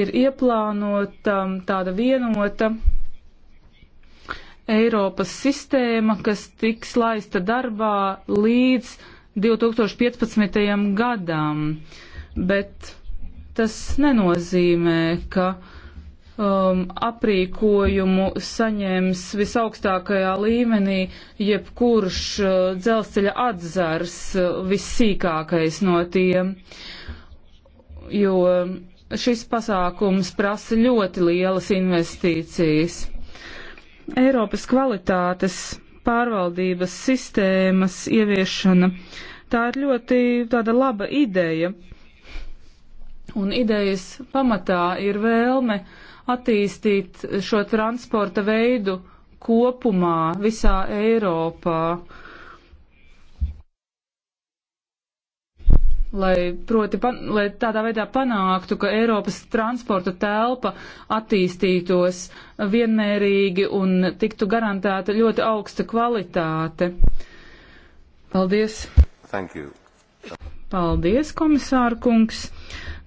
Speaker 3: ir ieplānota um, tāda vienota Eiropas sistēma, kas tiks laista darbā līdz 2015. gadam, bet tas nenozīmē, ka um, aprīkojumu saņems visaugstākajā līmenī jebkurš uh, dzelzceļa atzars, uh, vissīkākais no tiem, jo šis pasākums prasa ļoti lielas investīcijas. Eiropas kvalitātes pārvaldības sistēmas ieviešana. Tā ir ļoti tāda laba ideja. Un idejas pamatā ir vēlme uh, attīstīt šo transporta veidu kopumā visā Eiropā. Lai, proti, pan, lai tādā veidā panāktu, ka Eiropas transporta telpa attīstītos vienmērīgi un tiktu garantēta ļoti augsta kvalitāte. Paldies! Thank you. Paldies, komisārkungs!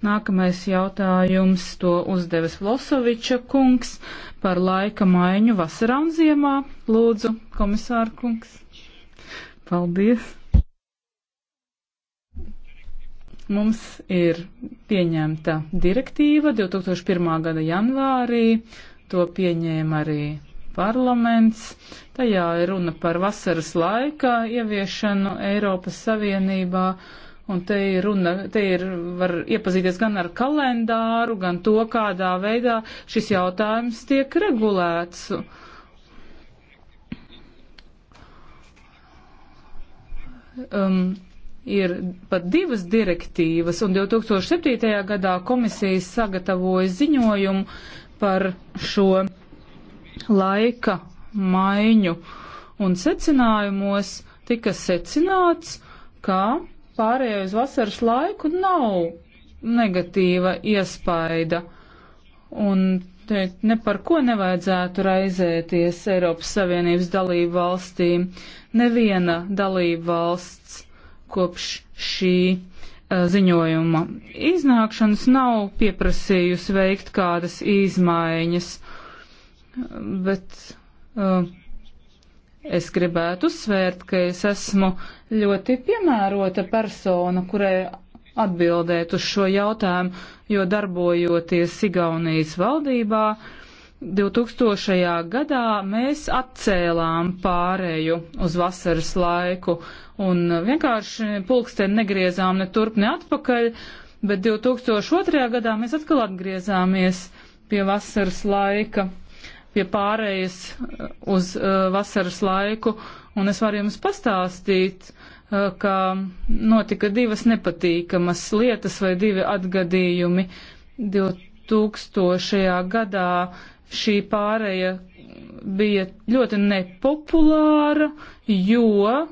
Speaker 3: Nākamais jautājums to uzdevis Vlosoviča kungs par laika maiņu vasarā un ziemā. Lūdzu, komisāra kungs. Paldies. Mums ir pieņemta direktīva 2001. gada janvārī. To pieņēma arī parlaments. Tajā ir runa par vasaras laika ieviešanu Eiropas Savienībā Un te ir runa, te ir, var iepazīties gan ar kalendāru, gan to, kādā veidā šis jautājums tiek regulēts. Um, ir pat divas direktīvas, un 2007. gadā komisija sagatavoja ziņojumu par šo laika maiņu, un secinājumos tika secināts, ka pārējai uz vasaras laiku nav negatīva iespaida. Un te ne par ko nevajadzētu raizēties Eiropas Savienības dalību valstīm. Neviena dalība valsts kopš šī uh, ziņojuma iznākšanas nav pieprasījusi veikt kādas izmaiņas, bet uh, Es gribētu uzsvērt, ka es esmu ļoti piemērota persona, kurai atbildēt uz šo jautājumu, jo darbojoties Igaunijas valdībā 2000. gadā mēs atcēlām pārēju uz vasaras laiku un vienkārši pulksteni negriezām ne turp, ne atpakaļ, bet 2002. gadā mēs atkal atgriezāmies pie vasaras laika pie pārējas uh, uz uh, vasaras laiku, un es varu jums pastāstīt, uh, ka notika divas nepatīkamas lietas vai divi atgadījumi. 2000. gadā šī pārēja bija ļoti nepopulāra, jo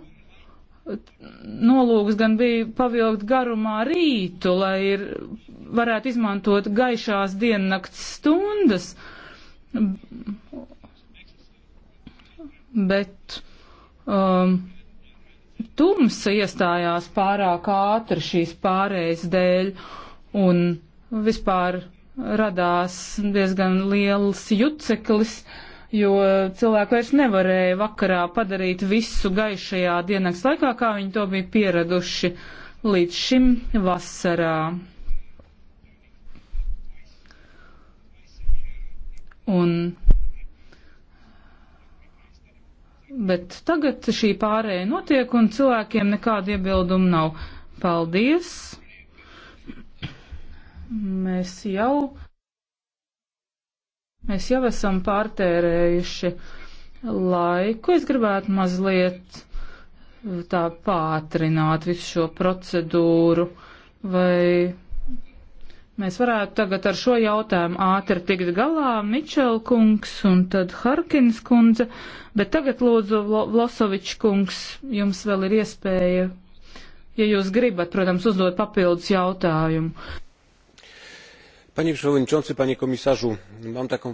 Speaker 3: nolūks gan bija pavilkt garumā rītu, lai ir, varētu izmantot gaišās diennakts stundas. Uh, Bet um, tumsa iestājās pārāk ātri šīs pārējas dēļ un vispār radās diezgan liels juceklis, jo cilvēki vairs nevarēja vakarā padarīt visu gaišajā diennakts laikā, kā viņi to bija pieraduši līdz šim vasarā. Un, bet tagad šī pārēja notiek un cilvēkiem nekādu iebildumu nav. Paldies! Mēs jau, mēs jau esam pārtērējuši laiku. Es gribētu mazliet tā pātrināt visu šo procedūru vai Mēs varētu tagad ar šo jautājumu ātri tikt galā, Mičel kungs un tad Harkins kundze, bet tagad lūdzu Vlosovičs kungs, jums vēl ir iespēja, ja jūs gribat, protams, uzdot papildus jautājumu.
Speaker 2: Panie Przewodniczący, Panie Komisarzu, mam taką.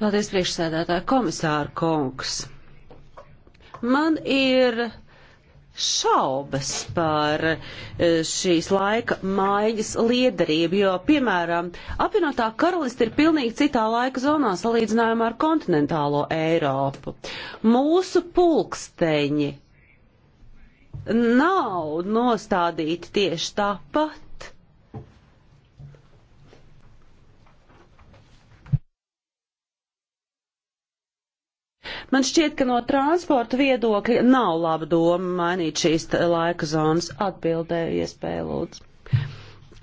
Speaker 1: Paldies, priekšsēdētāji, komisāra kungs. Man ir šaubas par e, šīs laika maiņas liederību, jo, piemēram, apvienotā karalista ir pilnīgi citā laika zonā salīdzinājumā ar kontinentālo Eiropu. Mūsu pulksteņi nav nostādīti tieši tāpat Man šķiet, ka no transporta viedokļa nav laba doma mainīt šīs laika zonas atbildēju iespēju lūdzu.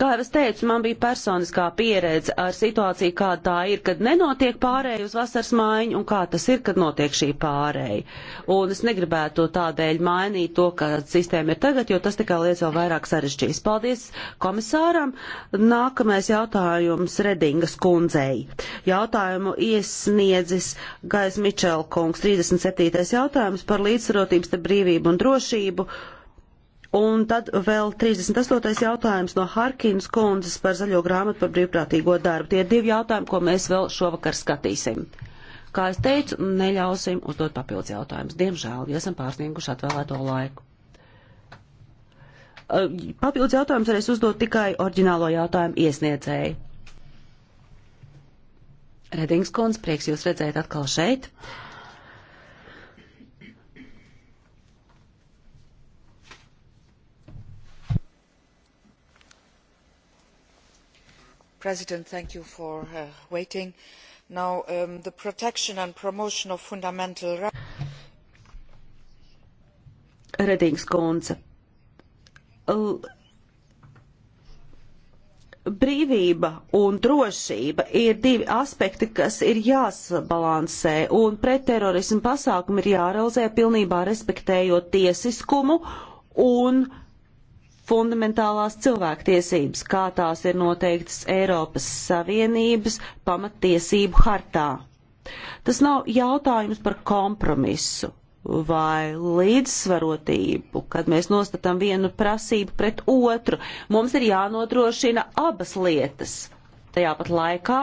Speaker 1: Kā jau es teicu, man bija personiskā pieredze ar situāciju, kāda tā ir, kad nenotiek pārēja uz vasaras maiņu un kā tas ir, kad notiek šī pārēja. Un es negribētu to tādēļ mainīt to, ka sistēma ir tagad, jo tas tikai lietas vēl vairāk sarežģīs. Paldies komisāram. Nākamais jautājums Redingas kundzei. Jautājumu iesniedzis Gais Mičel kungs, 37. jautājums par līdzsvarotības te brīvību un drošību. Un tad vēl 38. jautājums no Harkins kundzes par zaļo grāmatu par brīvprātīgo darbu. Tie ir divi jautājumi, ko mēs vēl šovakar skatīsim. Kā es teicu, neļausim uzdot papildus jautājumus. Diemžēl, jo esam pārsnieguši atvēlēto laiku. Papildus jautājums varēs uzdot tikai oriģinālo jautājumu iesniedzēji. Redings kundze, prieks jūs redzēt atkal šeit. Uh,
Speaker 3: president thank you for uh, waiting. now um, the protection and promotion of fundamental rights.
Speaker 1: Redings kundze. L brīvība un drošība ir divi aspekti, kas ir jāsabalansē, un pretterorismu pasākumi ir jārealizē pilnībā respektējot tiesiskumu un uh, fundamentālās cilvēktiesības, kā tās ir noteiktas Eiropas Savienības pamattiesību hartā. Tas nav jautājums par kompromisu vai līdzsvarotību, kad mēs nostatām vienu prasību pret otru. Mums ir jānodrošina abas lietas. Tajā pat laikā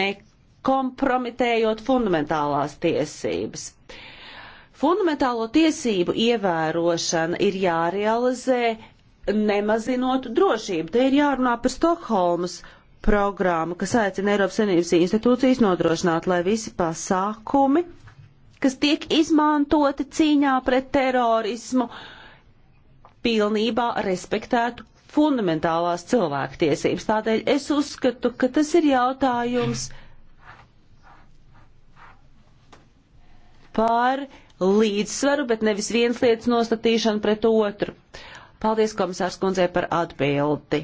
Speaker 1: nekompromitējot fundamentālās tiesības. Fundamentālo tiesību ievērošana ir jārealizē, nemazinot drošību. Te ir jārunā par Stokholmas programmu, kas aicina Eiropas Savienības institūcijas nodrošināt, lai visi pasākumi, kas tiek izmantoti cīņā pret terorismu, pilnībā respektētu fundamentālās cilvēktiesības. Tādēļ es uzskatu, ka tas ir jautājums par līdzsvaru, bet nevis viens lietas nostatīšanu pret otru. Paldies komisārs kundzei par atbildi.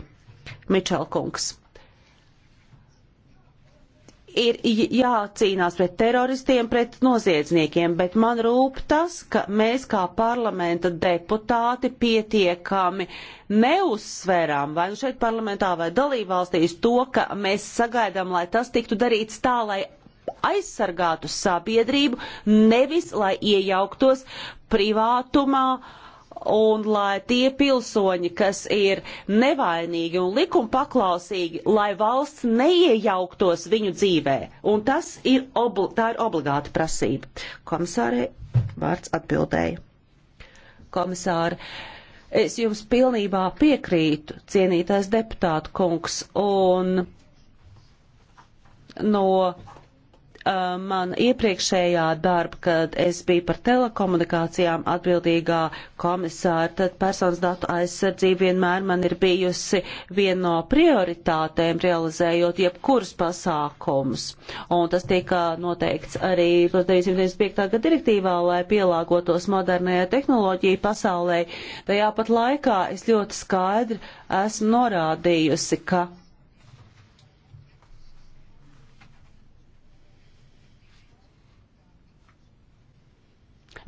Speaker 1: Mičel kungs. Ir jācīnās pret teroristiem, pret noziedzniekiem, bet man rūp tas, ka mēs kā parlamenta deputāti pietiekami neuzsverām, vai nu šeit parlamentā vai dalībvalstīs, to, ka mēs sagaidām, lai tas tiktu darīts tā, lai aizsargātu sabiedrību, nevis lai iejauktos privātumā un lai tie pilsoņi, kas ir nevainīgi un likumpaklausīgi, lai valsts neiejauktos viņu dzīvē. Un tas ir, obli tā ir obligāta prasība. Komisārei vārds atbildēja. Komisāri, es jums pilnībā piekrītu, cienītais deputāta kungs, un no uh, man iepriekšējā darba, kad es biju par telekomunikācijām atbildīgā komisāra, tad personas datu aizsardzība vienmēr man ir bijusi viena no prioritātēm, realizējot jebkurus pasākumus. Un tas tika noteikts arī 1995. gada direktīvā, lai pielāgotos modernajai tehnoloģiju pasaulē. Tajā pat laikā es ļoti skaidri esmu norādījusi, ka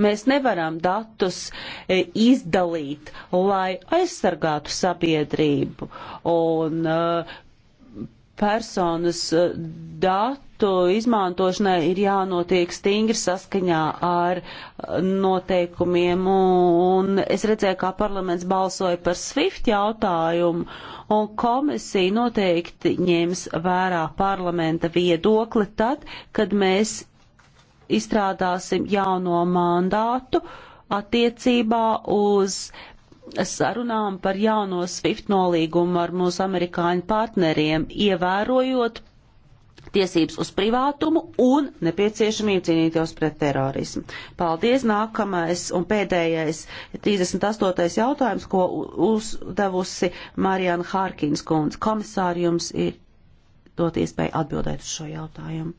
Speaker 1: Mēs nevaram datus e, izdalīt, lai aizsargātu sabiedrību un e, personas e, datu izmantošanai ir jānotiek stingri saskaņā ar noteikumiem, un es redzēju, kā parlaments balsoja par SWIFT jautājumu, un komisija noteikti ņems vērā parlamenta viedokli tad, kad mēs izstrādāsim jauno mandātu attiecībā uz sarunām par jauno SWIFT nolīgumu ar mūsu amerikāņu partneriem, ievērojot tiesības uz privātumu un nepieciešamību cīnīties pret terorismu. Paldies! Nākamais un pēdējais 38. jautājums, ko uzdevusi Marijana Hārkins kundze. Komisāri jums ir dot iespēju atbildēt uz šo jautājumu.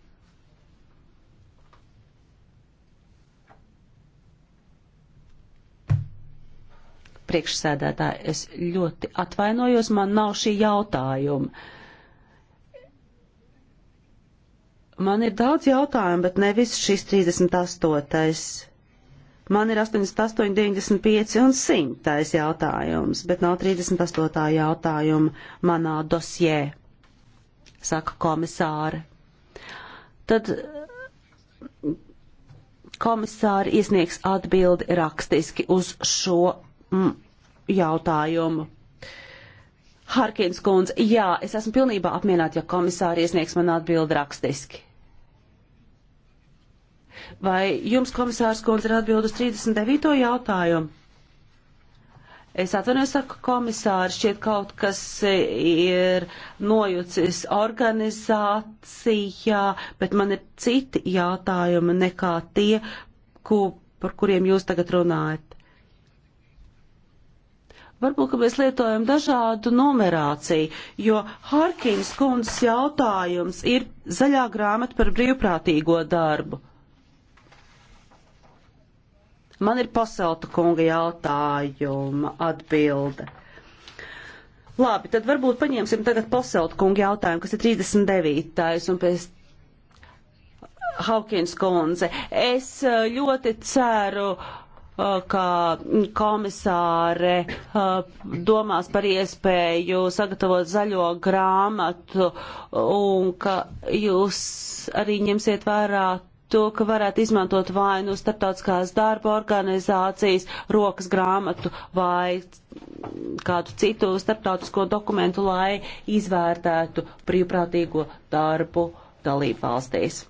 Speaker 1: priekšsēdētāji, es ļoti atvainojos, man nav šī jautājuma. Man ir daudz jautājumu, bet nevis šis 38. Man ir 88, 95 un 100 jautājums, bet nav 38. jautājuma manā dosjē, saka komisāra. Tad komisāri iesniegs atbildi rakstiski uz šo jautājumu. Harkins kundze, jā, es esmu pilnībā apmierināta, ja komisāri iesniegs man atbildi rakstiski. Vai jums, komisārs kundze, ir atbildi uz 39. jautājumu? Es atvainojos, saka komisārs, šķiet kaut kas ir nojucis organizācijā, bet man ir citi jautājumi nekā tie, ko, par kuriem jūs tagad runājat. Varbūt, ka mēs lietojam dažādu numerāciju, jo Harkins kundzes jautājums ir zaļā grāmata par brīvprātīgo darbu. Man ir paselta kunga jautājuma atbilde. Labi, tad varbūt paņemsim tagad paselta kunga jautājumu, kas ir 39. un pēc Haukins kundze. Es eh, ļoti ceru, kā komisāre domās par iespēju sagatavot zaļo grāmatu un ka jūs arī ņemsiet vērā to, ka varētu izmantot vai nu starptautiskās darba organizācijas, rokas grāmatu vai kādu citu starptautisko dokumentu, lai izvērtētu brīvprātīgo darbu dalību valstīs.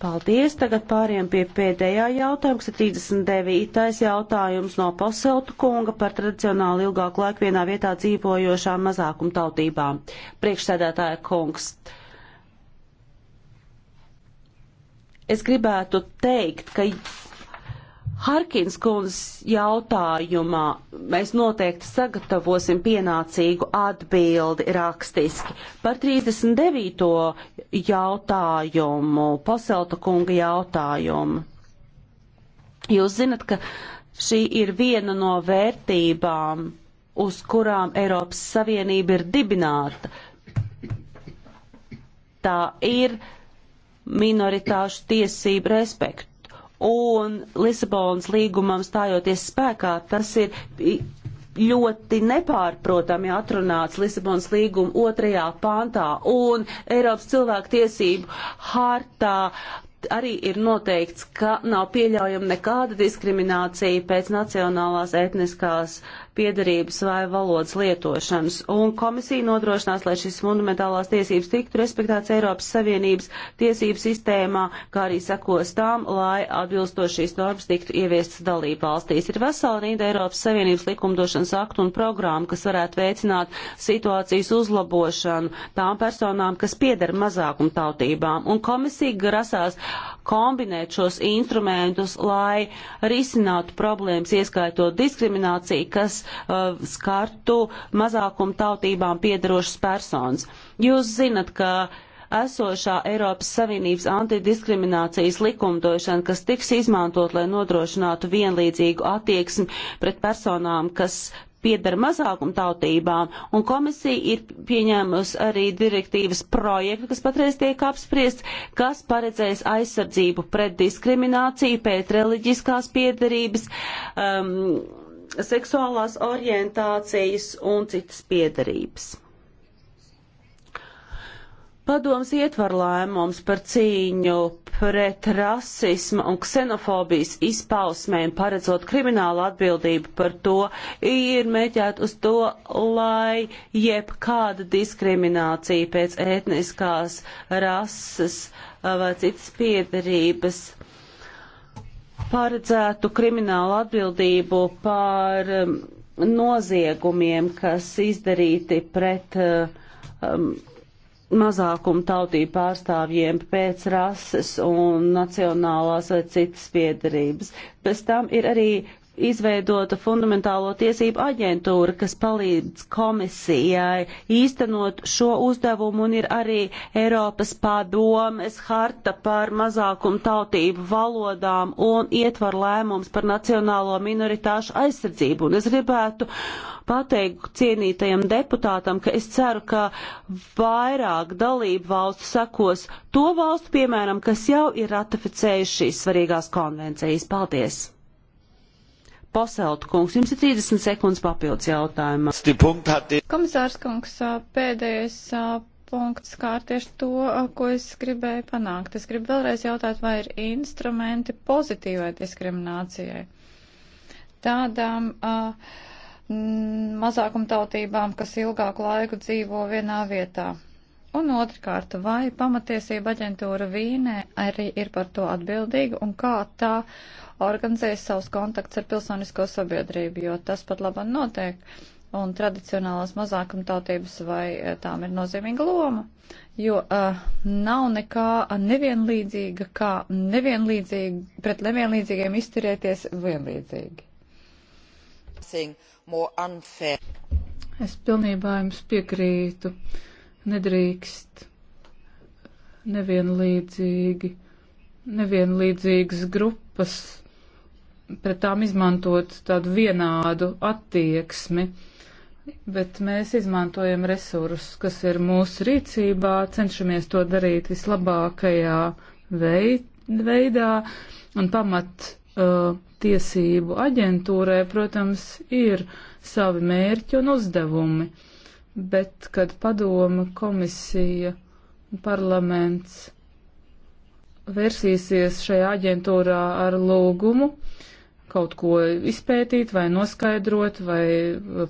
Speaker 1: Paldies. Tagad pāriem pie pēdējā jautājuma, kas ir 39. jautājums no Poseltu kunga par tradicionāli ilgāku laiku vienā vietā dzīvojošām mazākumtautībām. Priekšsēdētāja kungs. Es gribētu teikt, ka Harkins kundzes jautājumā mēs noteikti sagatavosim pienācīgu atbildi rakstiski. Par 39. jautājumu, Paselta kunga jautājumu. Jūs zinat, ka šī ir viena no vērtībām, uz kurām Eiropas Savienība ir dibināta. Tā ir minoritāšu tiesību respektu un Lisabonas līgumam stājoties spēkā, tas ir ļoti nepārprotami atrunāts Lisabonas līguma otrajā pantā un Eiropas cilvēku tiesību hartā arī ir noteikts, ka nav pieļaujama nekāda diskriminācija pēc nacionālās etniskās piedarības vai valodas lietošanas. Un komisija nodrošinās, lai šis fundamentālās tiesības tiktu respektēts Eiropas Savienības tiesību sistēmā, kā arī sekos tām, lai atbilstoši šīs normas tiktu ieviestas dalību valstīs. Ir vesela rinda Eiropas Savienības likumdošanas aktu un programmu, kas varētu veicināt situācijas uzlabošanu tām personām, kas piedara mazākumtautībām. Un komisija grasās kombinēt šos instrumentus, lai risinātu problēmas, ieskaitot diskrimināciju, kas uh, skartu mazākumu tautībām piedarošas personas. Jūs zinat, ka esošā Eiropas Savienības antidiskriminācijas likumdošana, kas tiks izmantot, lai nodrošinātu vienlīdzīgu attieksmi pret personām, kas pieder mazākumtautībām, un komisija ir pieņēmusi arī direktīvas projektu, kas patreiz tiek apspriests, kas paredzēs aizsardzību pret diskrimināciju pēc reliģiskās piedarības, um, seksuālās orientācijas un citas piedarības. Padoms ietver lēmums par cīņu pret rasismu un ksenofobijas izpausmēm, paredzot kriminālu atbildību par to, ir mēģēt uz to, lai jebkāda diskriminācija pēc ētniskās rases vai citas piedarības paredzētu kriminālu atbildību par noziegumiem, kas izdarīti pret um, mazākuma tautību pārstāvjiem pēc rases un nacionālās vai citas piedarības. Pēc tam ir arī izveidota fundamentālo tiesību aģentūra, kas palīdz komisijai īstenot šo uzdevumu un ir arī Eiropas padomes harta par mazākumu tautību valodām un ietvar lēmums par nacionālo minoritāšu aizsardzību. Un es gribētu pateikt cienītajam deputātam, ka es ceru, ka vairāk dalību valstu sekos to valstu, piemēram, kas jau ir ratificējuši šīs svarīgās konvencijas. Paldies! Poselt kungs, jums ir 30 sekundes papildus jautājumā. Komisārs kungs,
Speaker 2: pēdējais punkts skār tieši to, ko es gribēju panākt. Es gribu vēlreiz jautāt, vai ir instrumenti pozitīvai diskriminācijai. Tādām uh, mazākumtautībām, kas ilgāku laiku dzīvo vienā vietā. Un otrkārt, vai pamatiesība aģentūra Vīnē arī ir par to atbildīga un kā tā organizēja savus kontaktus ar pilsonisko sabiedrību, jo tas pat labam notiek. Un tradicionālās mazākumtautības vai eh, tām ir nozīmīga loma, jo uh, nav nekā nevienlīdzīga, kā nevienlīdzīgi, pret nevienlīdzīgiem izturēties vienlīdzīgi.
Speaker 3: Es pilnībā jums piekrītu. Nedrīkst nevienlīdzīgi, nevienlīdzīgas grupas pret tām izmantot tādu vienādu attieksmi, bet mēs izmantojam resursus, kas ir mūsu rīcībā, cenšamies to darīt vislabākajā veid, veidā, un pamat uh, tiesību aģentūrai, protams, ir savi mērķi un uzdevumi, bet kad padoma, komisija un parlaments versīsies šajā aģentūrā ar lūgumu, uh, kaut ko izpētīt vai noskaidrot vai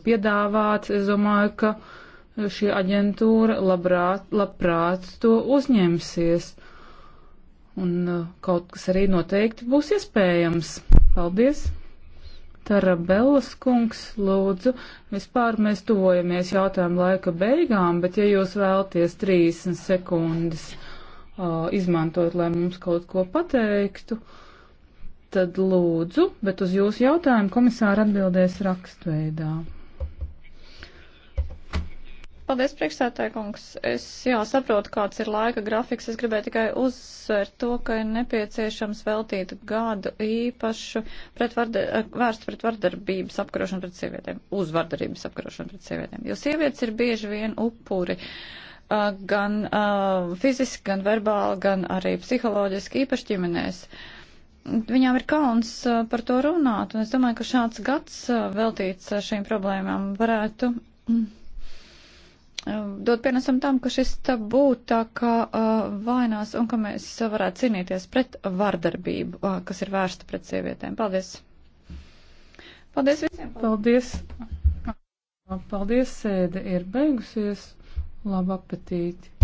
Speaker 3: piedāvāt, es domāju, ka šī aģentūra labrāt, labprāt to uzņemsies. Un uh, kaut kas arī noteikti būs iespējams. Paldies! Tarabellas kungs, lūdzu, vispār mēs tuvojamies jautājumu laika beigām, bet ja jūs vēlties 30 sekundes uh, izmantot, lai mums kaut ko pateiktu, uh, tad lūdzu, bet uz jūsu jautājumu komisāra atbildēs rakstveidā. Paldies, priekšsētāji
Speaker 2: kungs. Es jā, saprotu, kāds ir laika grafiks. Es gribēju tikai uzsvērt to, ka ir nepieciešams veltīt gadu īpašu pret vardar, eh, vērstu pret vardarbības apkarošanu pret sievietēm, uz vardarbības apkarošanu pret sievietēm. Jo sievietes ir bieži vien upuri. Uh, gan uh, fiziski, gan verbāli, gan arī psiholoģiski, īpaši ģimenēs. Uh, Viņām ir kauns uh, par to runāt, un es domāju, ka šāds gads uh, veltīts uh, šīm problēmām varētu mm, dot pienesam tam, ka šis tabū tā kā vainās un ka mēs varētu cīnīties pret vardarbību, kas ir vērsta pret sievietēm. Paldies!
Speaker 3: Paldies visiem! Paldies! Paldies, Paldies sēde ir beigusies! Labu apetīti!